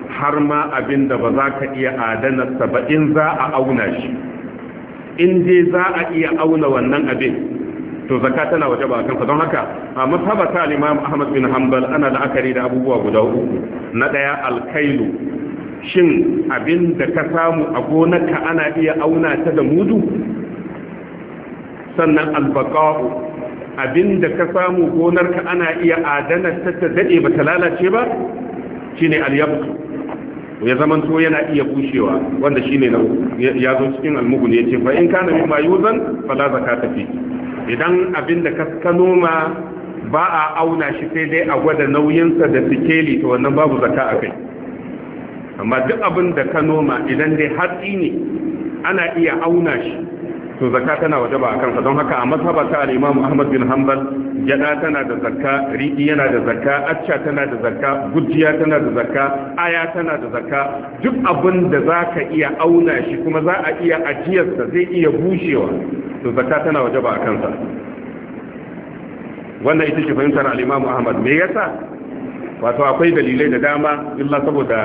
har ma abin da ba za ka iya adanarsa ba in za a auna shi in dai za a iya auna wannan abin to zakka tana waje ba kansa don haka a masabata ta imam ahmad bin hanbal ana la'akari da abubuwa guda uku na daya alkailu shin abin da ka samu a gonarka ana iya auna ta da mudu sannan albaqa'u abin da ka samu gonarka ana iya adana ta ta dade ba ta lalace ba shine al ya zamanto yana iya bushewa wanda shine na ya zo cikin almugun yace fa in kana mayuzan fa fala zakata fi idan abin da ka noma ba a auna shi sai dai a gwada nauyinsa da sikeli to wannan babu zaka a kai amma duk abin da ka noma idan dai hatsi ne ana iya auna shi to zakka tana wajaba akan sa don haka a mazhaba ta al-Imam Ahmad bin Hanbal jada tana da zakka riɗi yana da zakka acca tana da zakka gujiya tana da zakka aya tana da zakka duk abin da zaka iya auna shi kuma za a iya ajiyarsa zai iya bushewa to zakka tana wajaba akan sa wannan ita ce fahimtar al-Imam Ahmad me yasa wato akwai dalilai da dama illa saboda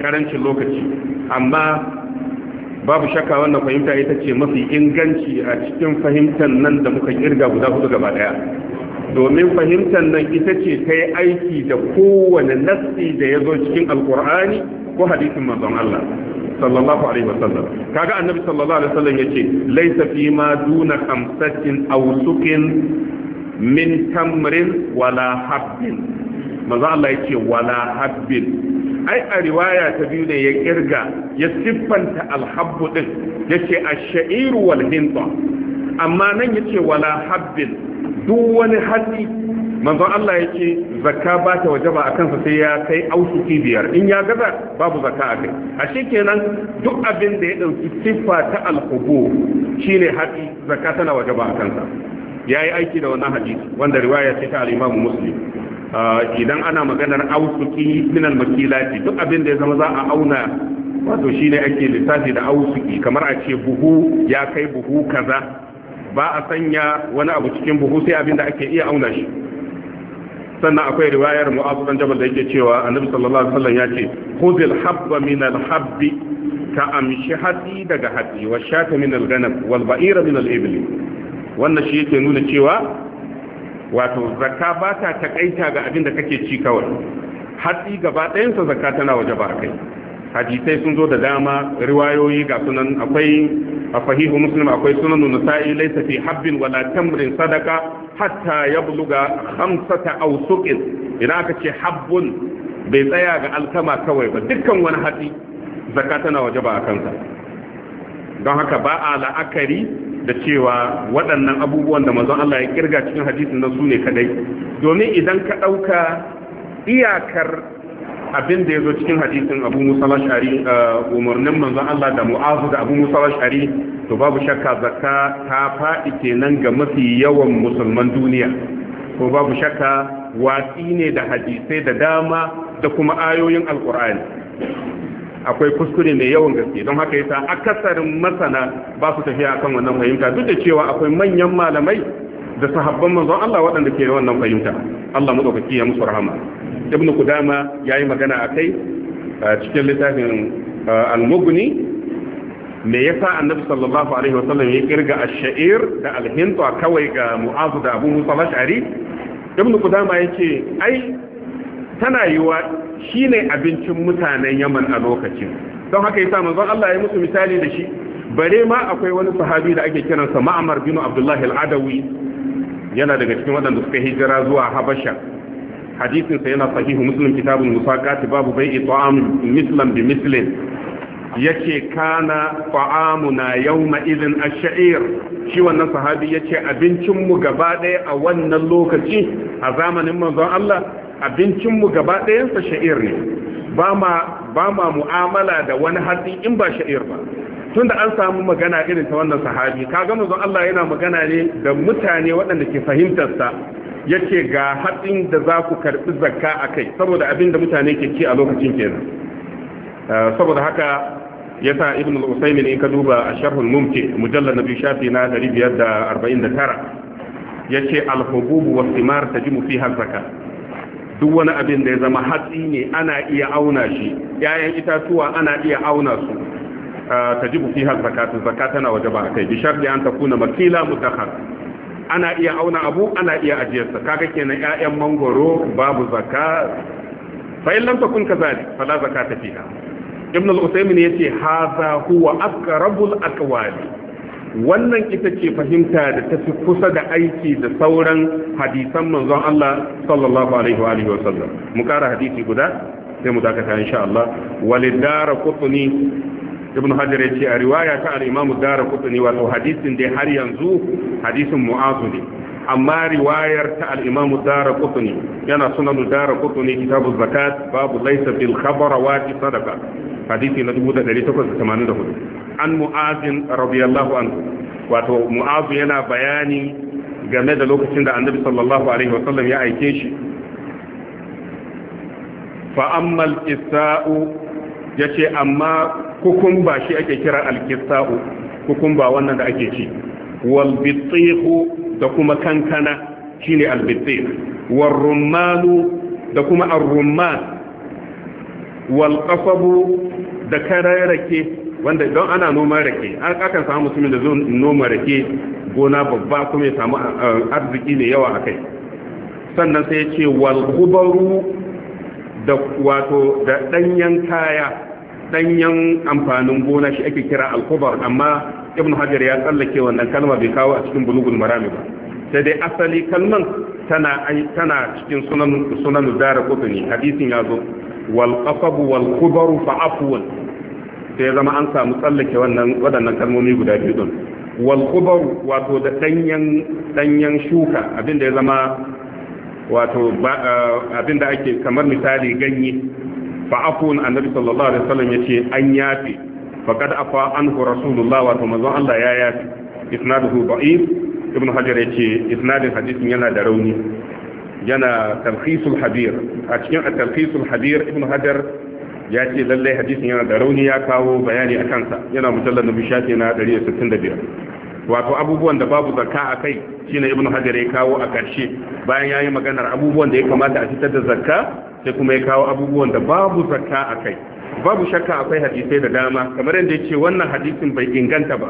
karancin lokaci amma babu shakka wannan fahimta ita ce mafi inganci a cikin fahimtar nan da muka kirga guda hudu gaba daya domin fahimtar nan ita ce ta yi aiki da kowane nassi da ya zo cikin alkur'ani ko hadisin manzon Allah sallallahu alaihi wasallam kaga annabi sallallahu alaihi wasallam yace laysa fi ma duna khamsatin aw suqin min tamrin wala habbin manzo Allah ya ce wala habbin ai a riwaya ta biyu ne ya kirga ya siffanta alhabbu din yace a shairu wal hinta amma nan yace wala habbin duk wani hatsi manzo Allah ce zakka ba ta ba a kansa sai ya kai ausuki biyar in ya gaza babu zakka a kai ashe kenan duk abin da ya ɗauki siffa ta alhubu shine hatsi zakka tana ba a kansa yayi aiki da wannan hadisi wanda riwaya ce ta al-Imam Muslim Ah, idan ana maganar ausuki min al-makilati duk abin da ya zama za a auna wato shine ake lissafi da ausuki kamar a ce buhu ya kai buhu kaza ba a sanya wani abu cikin buhu sai abin da ake iya auna shi sannan akwai riwayar mu'azu dan jabal da yake cewa annabi sallallahu alaihi wasallam ya ce khudhil habba min al-habbi ka amshi hatsi daga hatsi wa shata min al-ghanam wal ba'ira min al-ibli wannan shi yake nuna cewa wato zakka ba ta takaita ga abin da kake ci kawai hatsi gaba ɗayansa zakka tana waje ba kai hadisai sun zo da dama riwayoyi ga sunan akwai a fahihu muslim akwai sunan nasa'i laysa fi habbin wala tamrin sadaka hatta yabluga khamsata aw suqin idan aka ce habbun bai tsaya ga alkama kawai ba dukkan wani hatsi zakka tana waje ba kansa don haka ba a la'akari da cewa waɗannan abubuwan da mazan Allah ya kirga cikin hadisin da su ne kadai domin idan ka ɗauka iyakar abin da ya zo cikin hadisin abu musa a eh, umarnin manzon Allah da mu'azu da abu musa shari to babu shakka zakka ta faɗi kenan ga mafi yawan musulman duniya ko babu shakka watsi ne da hadisai da dama da kuma ayoyin alkur'ani akwai kuskure mai yawan gaske don haka yasa akasarin masana ba su tafiya akan wannan fahimta duk da cewa akwai manyan malamai da sahabban manzon Allah waɗanda ke da wannan fahimta Allah madaukaki ya musu rahama ibnu kudama yayi magana akai cikin littafin al-mughni me yasa annabi sallallahu alaihi wasallam ya kirga ash-sha'ir da al kawai ga mu'azu da abu musa al-ash'ari ibnu kudama ce ai tana yiwa ne abincin mutanen Yaman a lokacin don haka yasa manzon Allah ya musu misali da shi bare ma akwai wani sahabi da ake kiransa ma'amar binu Abdullah al yana daga cikin waɗanda suka hijira zuwa Habasha hadisinsa yana sahihu Muslim musa kati babu bai ta'am mislan bi mislin yace kana fa'amuna yawma idhin ash-sha'ir shi wannan sahabi yace abincin mu gaba ɗaya a wannan lokaci a zamanin manzon Allah abincin mu gaba ɗayan sa sha'ir ne ba ma ba ma mu'amala da wani hatsi in ba sha'ir ba tunda an samu magana irin ta wannan sahabi kaga manzon Allah yana magana ne da mutane waɗanda ke fahimtar sa yace ga hatsin da za ku karɓi zakka akai saboda abin da mutane ke ci a lokacin kenan eh, saboda haka yasa ibn al-usaymin in ka duba a sharhul mumti mujallal nabi shafi na 549 yace al-hubub wa thimar tajimu fiha zakka duk wani abin da ya zama hatsi ne ana iya auna shi yayan itatuwa ana iya auna su tajibu fiha zakatu zakata waje ba kai bi sharti an takuna makila mudakhar ana iya auna abu ana iya ajiyarsa kaga kenan ƴaƴan mangoro babu zakka fa in lam takun kazalik fala zakata fiha ibn al-usaymin yace hadha huwa aqrabul aqwali wannan ita ce fahimta da tafi kusa da aiki da sauran hadisan manzon Allah sallallahu alaihi wa alihi wa sallam mu kara hadisi guda sai mu dakata insha Allah walidara qutni ibn hajar ya ce a riwaya ta al-imam dara qutni wato hadisin da har yanzu hadisin mu'azu ne amma riwayar ta al-imam ad-darqutni yana sunan ad-darqutni kitab az-zakat babu laysa bil khabara wa sadaqa hadisi na 1884 an mu'azin radiyallahu anhu wato mu'azu yana bayani game da lokacin da annabi sallallahu alaihi wasallam ya aike shi fa amma al-isa'u yace amma kukumba shi ake kira al-kisa'u kukumba wannan da ake ci wal bitihu da kuma kankana shine albitsi warrumanu da kuma arrumman walqasabu da kararake wanda don ana noma rake kakan samu mutumin da zai noma rake gona babba kuma ya samu eh, arziki ne yawa a kai, sannan sai ya ce walqubaru da wato da danyen kaya ɗanyen amfanin gona shi ake kira alkubar amma ibn hajar ya tsallake wannan kalma bai kawo a cikin bulugul marami ba sai dai asali kalman tana tana cikin sunan sunan dara kutuni hadisin ya zo wal qasab wal khubar fa afwan sai zama an samu tsallake wannan wadannan kalmomi guda biyu din wal khubar wato da danyen danyen shuka abinda ya zama wato eh, abinda ake kamar misali ganye fa afwan annabi sallallahu alaihi wasallam yace an yafi faqad afa anhu rasulullah wa to manzon Allah ya yafi isnaduhu da'if ibn hajar yace isnadin hadisin yana da rauni yana talkhisul hadir a cikin talkhisul hadir ibn hajar ya ce lalle hadisin yana da rauni ya kawo bayani a kansa yana mujallar nabi shafi na 165 wato abubuwan da babu zakka a kai shine ibn hajar ya kawo a karshe bayan yayi maganar abubuwan da ya kamata a fitar da zakka sai kuma ya kawo abubuwan da babu zakka a kai babu shakka akwai hadisai da dama kamar yadda yake wannan hadisin bai inganta ba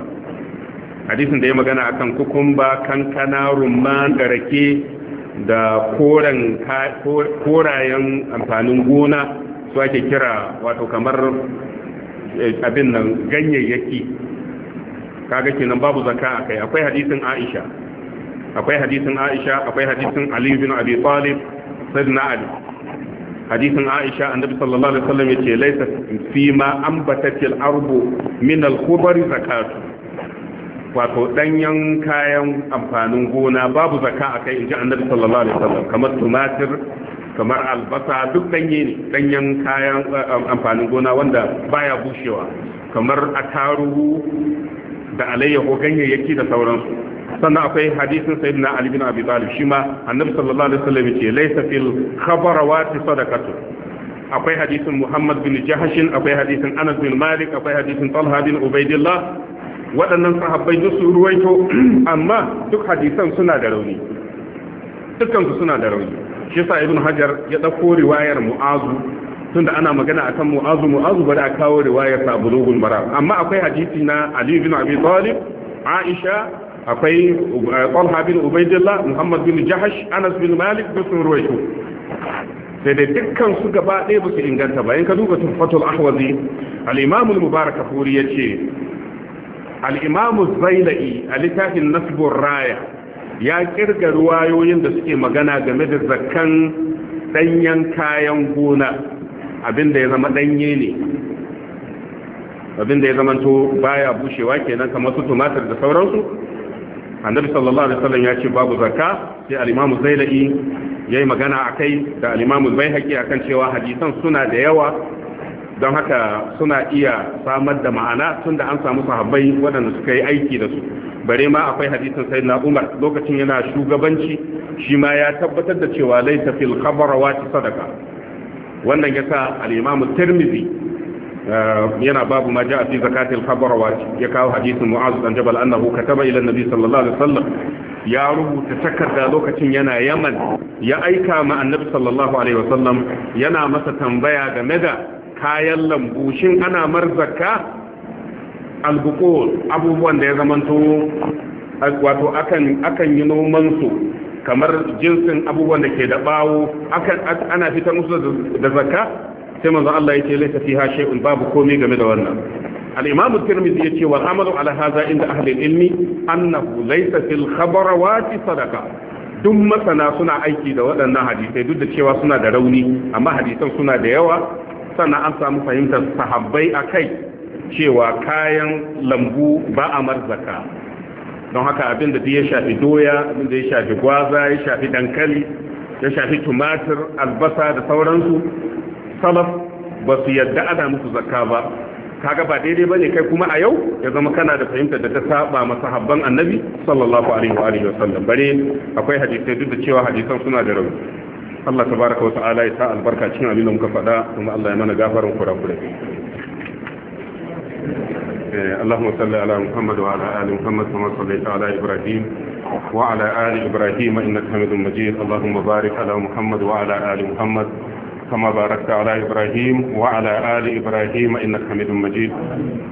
hadisin da ya magana akan kukumba kankana rumman da rake da korayen amfanin gona su ake kira wato kamar eh, abin nan ganyayyaki kaga kenan babu zakka akai akwai hadisin Aisha akwai hadisin Aisha akwai hadisin Ali bin Abi Talib sayyidina Ali hadisin aisha annabi sallallahu alaihi wasallam yace laysa fi ma ambatatil arbu min al khubari zakatu wato danyen kayan amfanin gona babu zaka akai inji annabi sallallahu alaihi wasallam kamar tumatir kamar albasa duk danye ne danyen kayan eh, amfanin gona wanda baya bushewa kamar ataruhu da alayyahu ganyayyaki da sauransu sannan akwai hadisin sayyidina ali bin abi talib shi ma annabi sallallahu alaihi wasallam yace laysa fil khabarawati sadaqatu akwai hadisin muhammad bin jahashin akwai hadisin anas bin malik akwai hadisin talha bin ubaidillah waɗannan sahabbai duk su ruwaito amma duk hadisan suna da rauni dukkansu suna da rauni shi yasa ibn hajar ya dauko riwayar mu'azu tunda ana magana akan mu'azu mu'azu bari a kawo riwayar sa bulugul maram amma akwai hadisi na ali bin abi talib aisha akwai talha bin ubaidilla muhammad bin jahash anas bin malik da sun ruwaito sai dai dukkan su gaba ɗaya ba su inganta ba in ka duba tufatul ahwazi al-imam al-mubarak furi yace al-imam az-zailai a littafin nasbur raya ya kirga ruwayoyin da suke magana game da zakkan danyen kayan gona abinda ya zama danye ne abinda ya zama to baya bushewa kenan kamar su tumatir da sauransu annabi sallallahu alaihi wasallam ya ce babu zakka sai al-imam zailai yayi magana akai da al-imam baihaqi akan cewa hadisan suna da yawa don haka suna iya samar da ma'ana tunda an samu sahabbai waɗanda suka yi aiki da su bare ma akwai hadisan sai na umar lokacin yana shugabanci shi ma ya tabbatar da cewa laita fil khabara wa sadaka wannan yasa al-imam tirmidhi yana babu ma ja'a fi zakatil fadarawat ya kawo hadisin mu'az dan jabal annahu kataba ila annabi sallallahu alaihi wasallam ya rubuta takarda lokacin yana yaman ya aika ma annabi sallallahu alaihi wasallam yana masa tambaya game da kayan lambu shin ana zakka albuqul abubuwan da ya zamanto wato akan akan yi noman su kamar jinsin abubuwan da ke da bawo akan ana fitar musu da zakka sai manzo Allah yake laisa fiha shay'un babu komai game da wannan al-imam at-tirmidhi yace wal amalu ala hadha inda ahli al-ilmi annahu laysa fil khabarawati sadaqa duk masana suna aiki da waɗannan hadisai duk da cewa suna da rauni amma hadisan suna da yawa sannan an samu fahimtar sahabbai akai cewa kayan lambu ba a marzaka don haka abin da ya shafi doya abin da ya shafi gwaza ya shafi dankali ya shafi tumatir albasa da sauransu salaf ba su yadda ana musu zakka ba kaga ba daidai bane kai kuma a yau ya zama kana da fahimtar da ta saba masahabban annabi sallallahu alaihi wa alihi wasallam bare akwai hadisai duk da cewa hadisan suna da rauni Allah tabaraka wa ta'ala ya sa albarka cikin abin da muka faɗa kuma Allah ya mana gafarin kurakurai اللهم صل على محمد وعلى آل محمد كما صليت على إبراهيم وعلى آل إبراهيم إنك حميد مجيد اللهم بارك على محمد وعلى آل محمد كما باركت على إبراهيم وعلى آل إبراهيم إنك حميد مجيد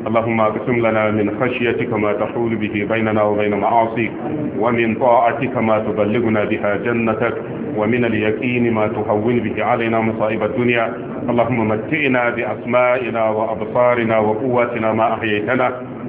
اللهم اقسم لنا من خشيتك ما تحول به بيننا وبين معاصيك ومن طاعتك ما تبلغنا بها جنتك ومن اليقين ما تهون به علينا مصائب الدنيا اللهم متئنا بأسمائنا وأبصارنا وقواتنا ما أحييتنا